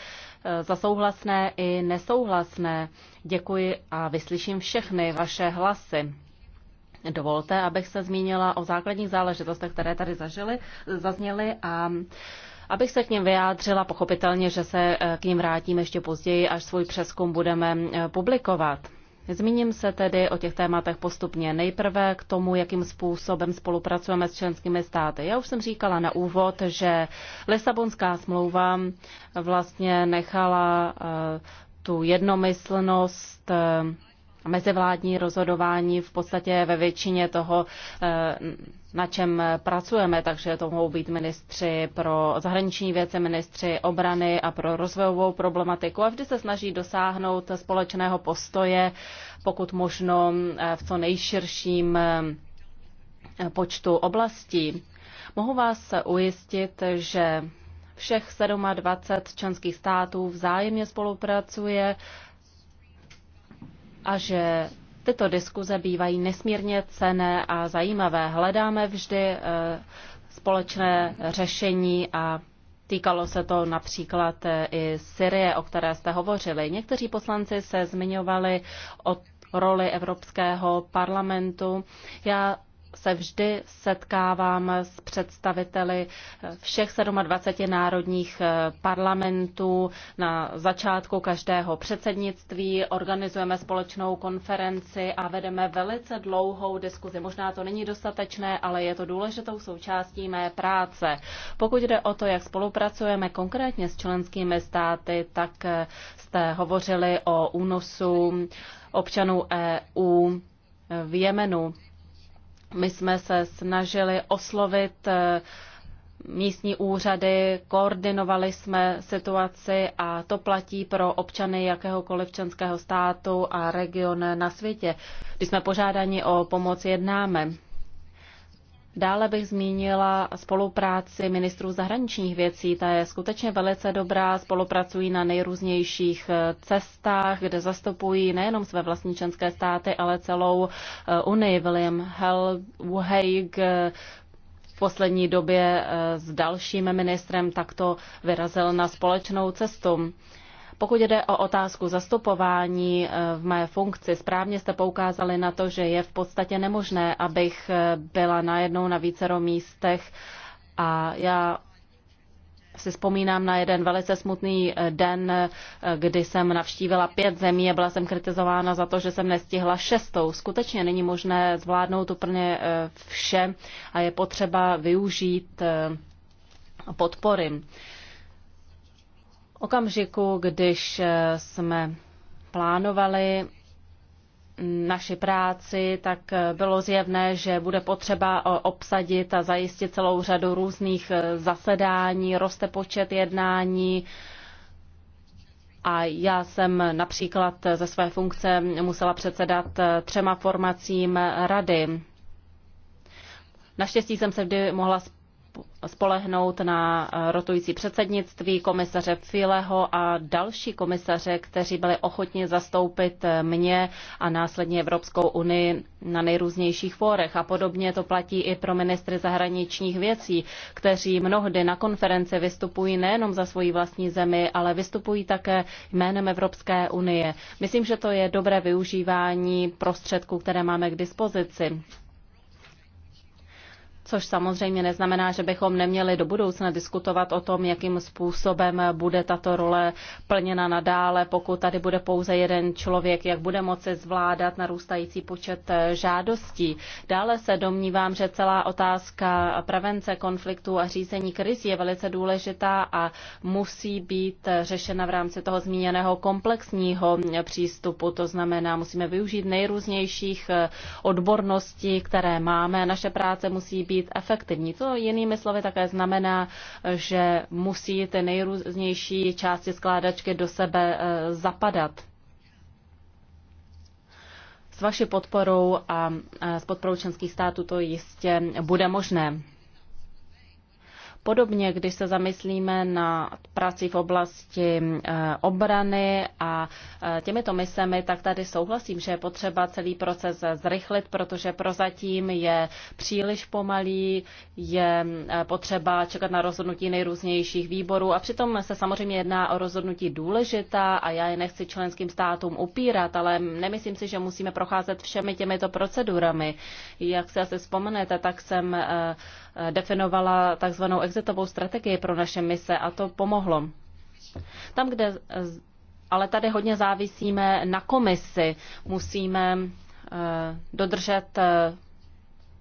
eh, za souhlasné i nesouhlasné. Děkuji a vyslyším všechny vaše hlasy. Dovolte, abych se zmínila o základních záležitostech, které tady zažili, zazněly a Abych se k ním vyjádřila, pochopitelně, že se eh, k ním vrátím ještě později, až svůj přeskum budeme publikovat. Zmíním se tedy o těch tématech postupně. Nejprve k tomu, jakým způsobem spolupracujeme s členskými státy. Já už jsem říkala na úvod, že Lisabonská smlouva vlastně nechala eh, tu jednomyslnost eh, mezivládní rozhodování v podstatě ve většině toho, eh, na čem pracujeme, takže to mohou být ministři pro zahraniční věci, ministři obrany a pro rozvojovou problematiku a vždy se snaží dosáhnout společného postoje, pokud možno eh, v co nejširším eh, počtu oblastí. Mohu vás ujistit, že všech 27 členských států vzájemně spolupracuje a že tyto diskuze bývají nesmírně cené a zajímavé. Hledáme vždy eh, společné řešení a Týkalo se to například eh, i Syrie, o které jste hovořili. Někteří poslanci se zmiňovali o roli Evropského parlamentu. Já se vždy setkávám s představiteli všech 27 národních eh, parlamentů. Na začátku každého předsednictví organizujeme společnou konferenci a vedeme velice dlouhou diskuzi. Možná to není dostatečné, ale je to důležitou součástí mé práce. Pokud jde o to, jak spolupracujeme konkrétně s členskými státy, tak eh, jste hovořili o únosu občanů EU v Jemenu. My jsme se snažili oslovit eh, místní úřady, koordinovali jsme situaci a to platí pro občany jakéhokoliv členského státu a region na světě. Když jsme požádani o pomoc, jednáme. Dále bych zmínila spolupráci ministrů zahraničních věcí. Ta je skutečně velice dobrá, spolupracují na nejrůznějších eh, cestách, kde zastupují nejenom své vlastní členské státy, ale celou eh, Unii. William Helweg eh, v poslední době s dalším ministrem takto vyrazil na společnou cestu. Pokud jde o otázku zastupování eh, v mé funkci, správně jste poukázali na to, že je v podstatě nemožné, abych eh, byla najednou na vícero místech a já si vzpomínám na jeden velice smutný eh, den, kdy jsem navštívila pět zemí a byla jsem kritizována za to, že jsem nestihla šestou. Skutečně není možné zvládnout úplně vše a je potřeba využít podpory okamžiku, když eh, jsme plánovali naši práci, tak eh, bylo zjevné, že bude potřeba eh, obsadit a zajistit celou řadu různých zasedání, roste počet jednání. A já jsem například ze své funkce musela předsedat třema formacím rady. Naštěstí jsem se vždy mohla spolehnout na rotující předsednictví komisaře Fileho a další komisaře, kteří byli ochotni zastoupit mě a následně Evropskou unii na nejrůznějších fórech. A podobně to platí i pro ministry zahraničních věcí, kteří mnohdy na konference vystupují nejenom za svoji vlastní zemi, ale vystupují také jménem Evropské unie. Myslím, že to je dobré využívání prostředků, které máme k dispozici což samozřejmě neznamená, že bychom neměli do budoucna diskutovat o tom, jakým způsobem bude tato role plněna nadále, pokud tady bude pouze jeden člověk, jak bude moci zvládat narůstající počet eh, žádostí. Dále se domnívám, že celá otázka prevence konfliktů a řízení kriz je velice důležitá a musí být eh, řešena v rámci toho zmíněného komplexního eh, přístupu. To znamená, musíme využít nejrůznějších odborností, které máme. Naše práce musí být být efektivní. To jinými slovy také znamená, že musí ty nejrůznější části skládačky do sebe eh, zapadat s vaší podporou a eh, s podporou členských států to jistě bude možné. Podobně, když se zamyslíme na práci v oblasti eh, obrany a eh, těmito misemi, tak tady souhlasím, že je potřeba celý proces zrychlit, protože prozatím je příliš pomalý, je eh, potřeba čekat na rozhodnutí nejrůznějších výborů a přitom se samozřejmě jedná o rozhodnutí důležitá a já je nechci členským státům upírat, ale nemyslím si, že musíme procházet všemi těmito procedurami. Jak si asi vzpomenete, tak jsem definovala takzvanou exitovou strategii pro naše mise a to pomohlo. Tam, kde ale tady hodně závisíme na komisi, musíme eh, dodržet eh,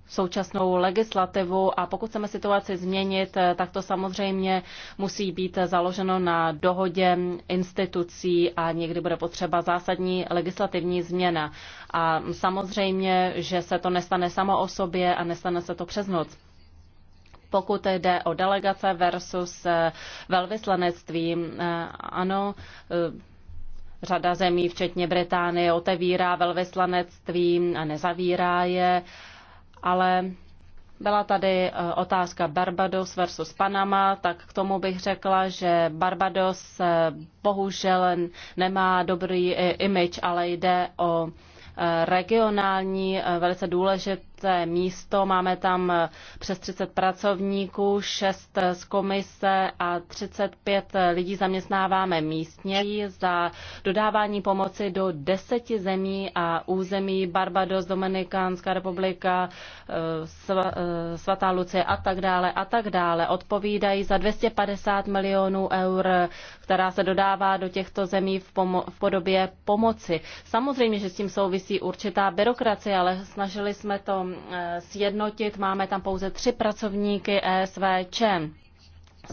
současnou legislativu a pokud chceme situaci změnit, eh, tak to samozřejmě musí být založeno na dohodě institucí a někdy bude potřeba zásadní legislativní změna. A samozřejmě, že se to nestane samo o sobě a nestane se to přes noc pokud jde o delegace versus eh, velvyslanectví. Eh, ano, eh, řada zemí, včetně Británie, otevírá velvyslanectví a nezavírá je, ale byla tady otázka Barbados versus Panama, tak k tomu bych řekla, že Barbados bohužel nemá dobrý image, ale jde o regionální, velice důležitý důležité místo. Máme tam přes 30 pracovníků, 6 z komise a 35 lidí zaměstnáváme místně za dodávání pomoci do deseti zemí a území Barbados, Dominikánská republika, eh, eh, Svatá Lucie a tak dále a tak dále. Odpovídají za 250 milionů eur, která se dodává do těchto zemí v, pomo- v podobě pomoci. Samozřejmě, že s tím souvisí určitá byrokracie, ale snažili jsme to Eh, sjednotit. Máme tam pouze tři pracovníky ESVČ.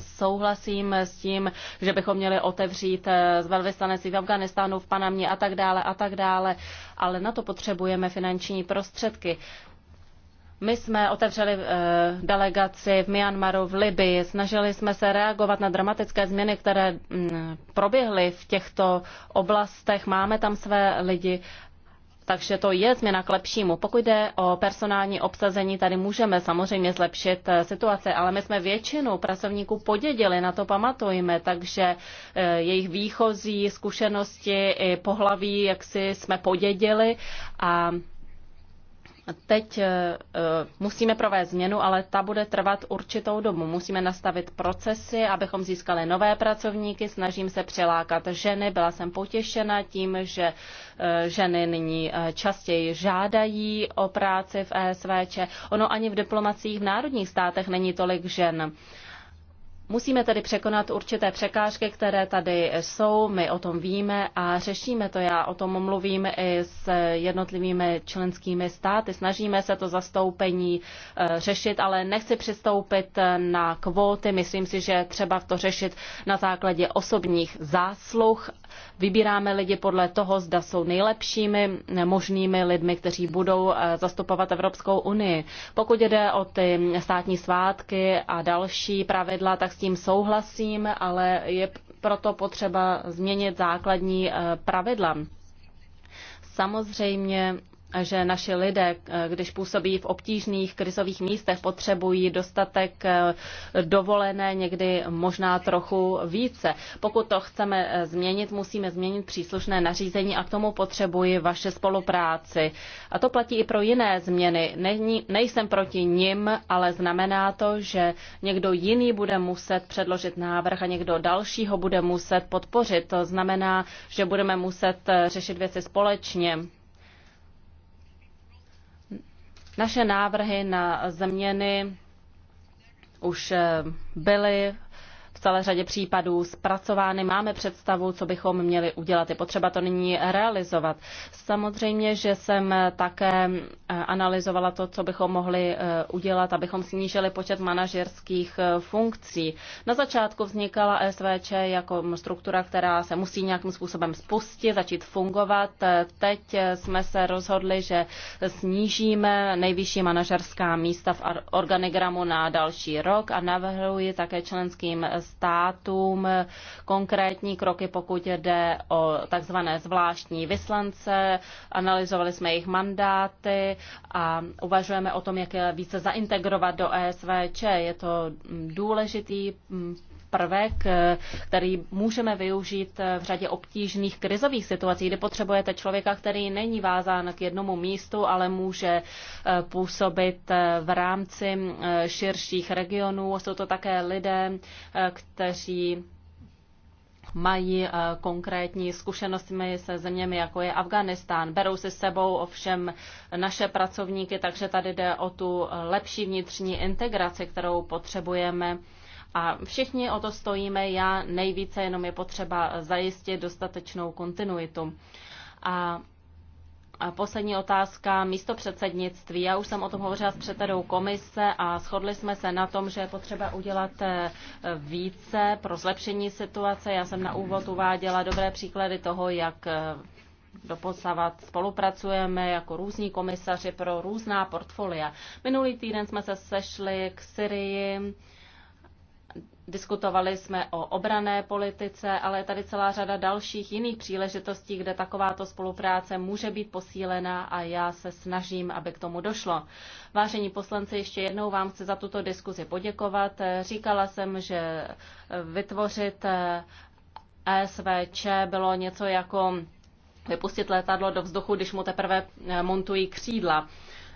Souhlasím s tím, že bychom měli otevřít eh, Velvyslanectví v Afganistánu, v Panamě a tak dále a tak dále, ale na to potřebujeme finanční prostředky. My jsme otevřeli eh, delegaci v Myanmaru, v Libii, snažili jsme se reagovat na dramatické změny, které mm, proběhly v těchto oblastech. Máme tam své lidi takže to je změna k lepšímu. Pokud jde o personální obsazení, tady můžeme samozřejmě zlepšit eh, situace, ale my jsme většinu pracovníků podědili, na to pamatujeme, takže eh, jejich výchozí zkušenosti i pohlaví, jak si jsme podědili a Teď eh, eh, musíme provést změnu, ale ta bude trvat určitou dobu. Musíme nastavit procesy, abychom získali nové pracovníky. Snažím se přilákat ženy. Byla jsem potěšena tím, že eh, ženy nyní častěji žádají o práci v ESVČ. Ono ani v diplomacích v národních státech není tolik žen. Musíme tedy překonat určité překážky, které tady jsou, my o tom víme a řešíme to. Já o tom mluvím i s jednotlivými členskými státy. Snažíme se to zastoupení eh, řešit, ale nechci přistoupit eh, na kvóty. Myslím si, že třeba to řešit na základě osobních zásluh vybíráme lidi podle toho, zda jsou nejlepšími možnými lidmi, kteří budou eh, zastupovat Evropskou unii. Pokud jde o ty státní svátky a další pravidla, tak s tím souhlasím, ale je proto potřeba změnit základní eh, pravidla. Samozřejmě že naši lidé, eh, když působí v obtížných krizových místech, potřebují dostatek eh, dovolené, někdy možná trochu více. Pokud to chceme eh, změnit, musíme změnit příslušné nařízení a k tomu potřebuji vaše spolupráci. A to platí i pro jiné změny. Není, nejsem proti nim, ale znamená to, že někdo jiný bude muset předložit návrh a někdo dalšího bude muset podpořit. To znamená, že budeme muset řešit věci společně. Naše návrhy na změny už eh, byly v celé řadě případů zpracovány. Máme představu, co bychom měli udělat. Je potřeba to nyní realizovat. Samozřejmě, že jsem také eh, analyzovala to, co bychom mohli eh, udělat, abychom snížili počet manažerských eh, funkcí. Na začátku vznikala SVČ jako struktura, která se musí nějakým způsobem spustit, začít fungovat. Teď jsme se rozhodli, že snížíme nejvyšší manažerská místa v organigramu na další rok a navrhuji také členským státům konkrétní kroky, pokud jde o takzvané zvláštní vyslance. Analyzovali jsme jejich mandáty a uvažujeme o tom, jak je více zaintegrovat do ESVČ. Je to důležitý mm, prvek, eh, který můžeme využít eh, v řadě obtížných krizových situací, kdy potřebujete člověka, který není vázán k jednomu místu, ale může eh, působit v rámci širších regionů. Jsou to také lidé, kteří mají konkrétní zkušenosti se zeměmi, jako je Afganistán. Berou si sebou ovšem naše pracovníky, takže tady jde o tu lepší vnitřní integraci, kterou potřebujeme a všichni o to stojíme, já nejvíce, jenom je potřeba zajistit dostatečnou kontinuitu. A a poslední otázka, místo předsednictví. Já už jsem o tom hovořila s předsedou komise a shodli jsme se na tom, že je potřeba udělat eh, více pro zlepšení situace. Já jsem na úvod uváděla dobré příklady toho, jak eh, doposavat spolupracujeme jako různí komisaři pro různá portfolia. Minulý týden jsme se sešli k Syrii, Diskutovali jsme o obrané politice, ale je tady celá řada dalších jiných příležitostí, kde takováto spolupráce může být posílena a já se snažím, aby k tomu došlo. Vážení poslanci, ještě jednou vám chci za tuto diskuzi poděkovat. Říkala jsem, že vytvořit ESVČ bylo něco jako vypustit letadlo do vzduchu, když mu teprve montují křídla.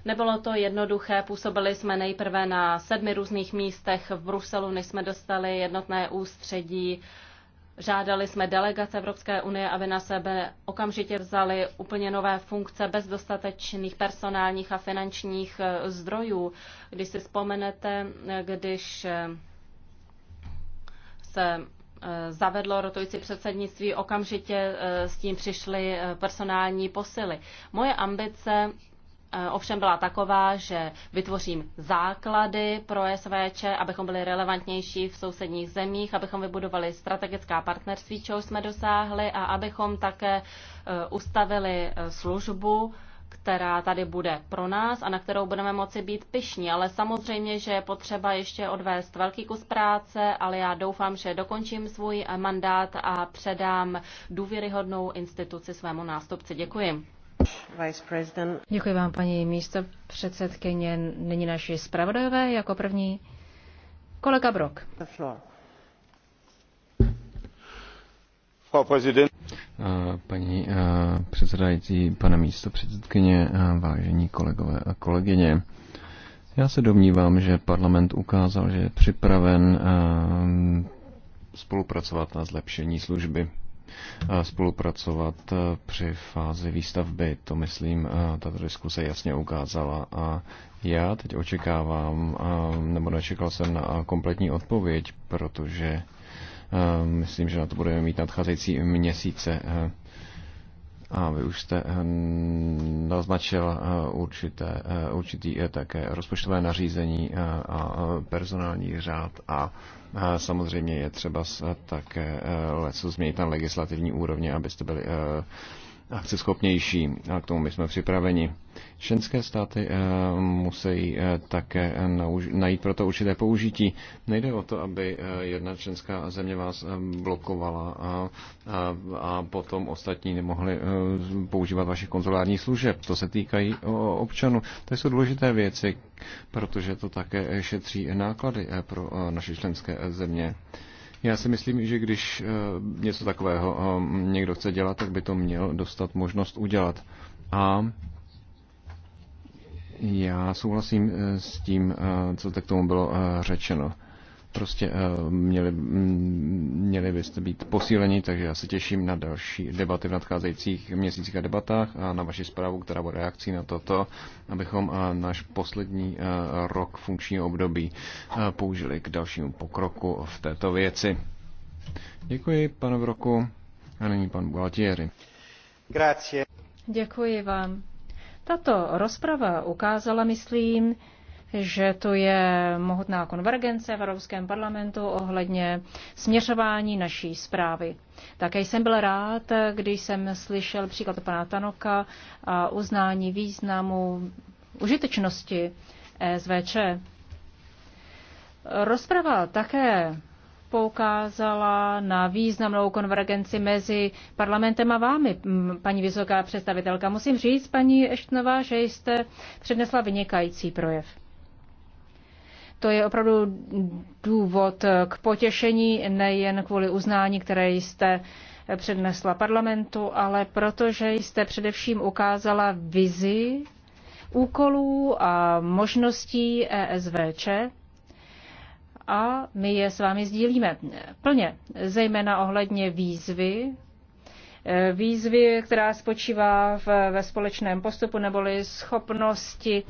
Nebylo to jednoduché, působili jsme nejprve na sedmi různých místech v Bruselu, než jsme dostali jednotné ústředí. Žádali jsme delegace Evropské unie, aby na sebe okamžitě vzali úplně nové funkce bez dostatečných personálních a finančních eh, zdrojů. Když si vzpomenete, eh, když eh, se zavedlo rotující předsednictví, okamžitě s tím přišly personální posily. Moje ambice Eh, ovšem byla taková, že vytvořím základy pro SVČ, abychom byli relevantnější v sousedních zemích, abychom vybudovali strategická partnerství, čeho jsme dosáhli a abychom také eh, ustavili eh, službu, která tady bude pro nás a na kterou budeme moci být pyšní. Ale samozřejmě, že je potřeba ještě odvést velký kus práce, ale já doufám, že dokončím svůj mandát a předám důvěryhodnou instituci svému nástupci. Děkuji. Děkuji vám, paní místo předsedkyně. Nyní naši zpravodajové jako první. Kolega Brok. Paní předsedající, pane místo předsedkyně, vážení kolegové a kolegyně, já se domnívám, že parlament ukázal, že je připraven spolupracovat na zlepšení služby spolupracovat e, při fázi výstavby. To myslím, e, tato diskuse jasně ukázala a já teď očekávám, e, nebo nečekal jsem na kompletní odpověď, protože myslím, že na to budeme mít nadcházející měsíce. A vy už jste naznačil určité, určitý také rozpočtové nařízení a personální řád a a samozřejmě je třeba také eh, lecu změnit na legislativní úrovně, abyste byli eh, akceschopnější a k tomu my jsme připraveni. Členské státy eh, musí eh, také eh, najít pro to určité použití. Nejde o to, aby jedna členská země vás blokovala a, a, a potom ostatní nemohli používat vašich konzulárních služeb. To se týkají občanů. To jsou důležité věci, protože to také šetří náklady pro naše členské země. Já si myslím, že když eh, něco takového eh, někdo chce dělat, tak by to měl dostat možnost udělat. A já souhlasím eh, s tím, co tak tomu bylo řečeno prostě eh, měli, mm, měli byste být posíleni, takže já se těším na další debaty v nadcházejících měsících a debatách a na vaši zprávu, která bude reakcí na toto, abychom eh, náš poslední eh, rok funkčního období použili k dalšímu pokroku v této věci. Děkuji, pane Broku. A nyní pan Gualtieri. Grazie. Děkuji vám. Tato rozprava ukázala, myslím, že to je mohutná konvergence v Evropském parlamentu ohledně směřování naší zprávy. Také jsem byl rád, když jsem slyšel příklad pana Tanoka a uznání významu užitečnosti SVČ. Rozprava také poukázala na významnou konvergenci mezi parlamentem a vámi, paní vysoká představitelka. Musím říct, paní Eštnová, že jste přednesla vynikající projev. To je opravdu důvod k potěšení, nejen kvůli uznání, které jste přednesla parlamentu, ale protože jste především ukázala vizi úkolů a možností ESVČ a my je s vámi sdílíme plně, zejména ohledně výzvy, výzvy, která spočívá v, ve společném postupu neboli schopnosti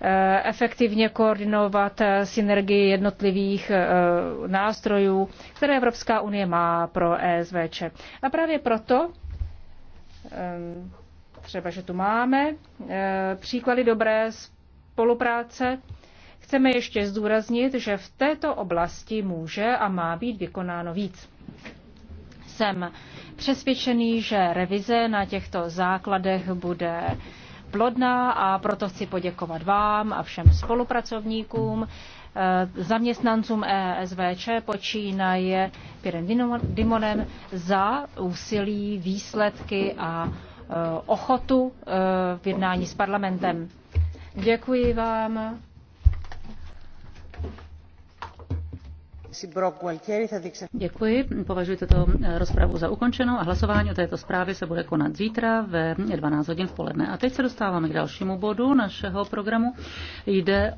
eh, efektivně koordinovat eh, synergii jednotlivých eh, nástrojů, které Evropská unie má pro ESVČ. A právě proto třeba, že tu máme příklady dobré spolupráce, chceme ještě zdůraznit, že v této oblasti může a má být vykonáno víc. Jsem přesvědčený, že revize na těchto základech bude plodná a proto chci poděkovat vám a všem spolupracovníkům, eh, zaměstnancům ESVČ počínaje Pirem Dimonem za úsilí, výsledky a eh, ochotu eh, v jednání s parlamentem. Děkuji vám Děkuji, považuji tuto eh, rozpravu za ukončenou a hlasování o této zprávě se bude konat zítra ve 12 hodin v poledne. A teď se dostáváme k dalšímu bodu našeho programu. Jde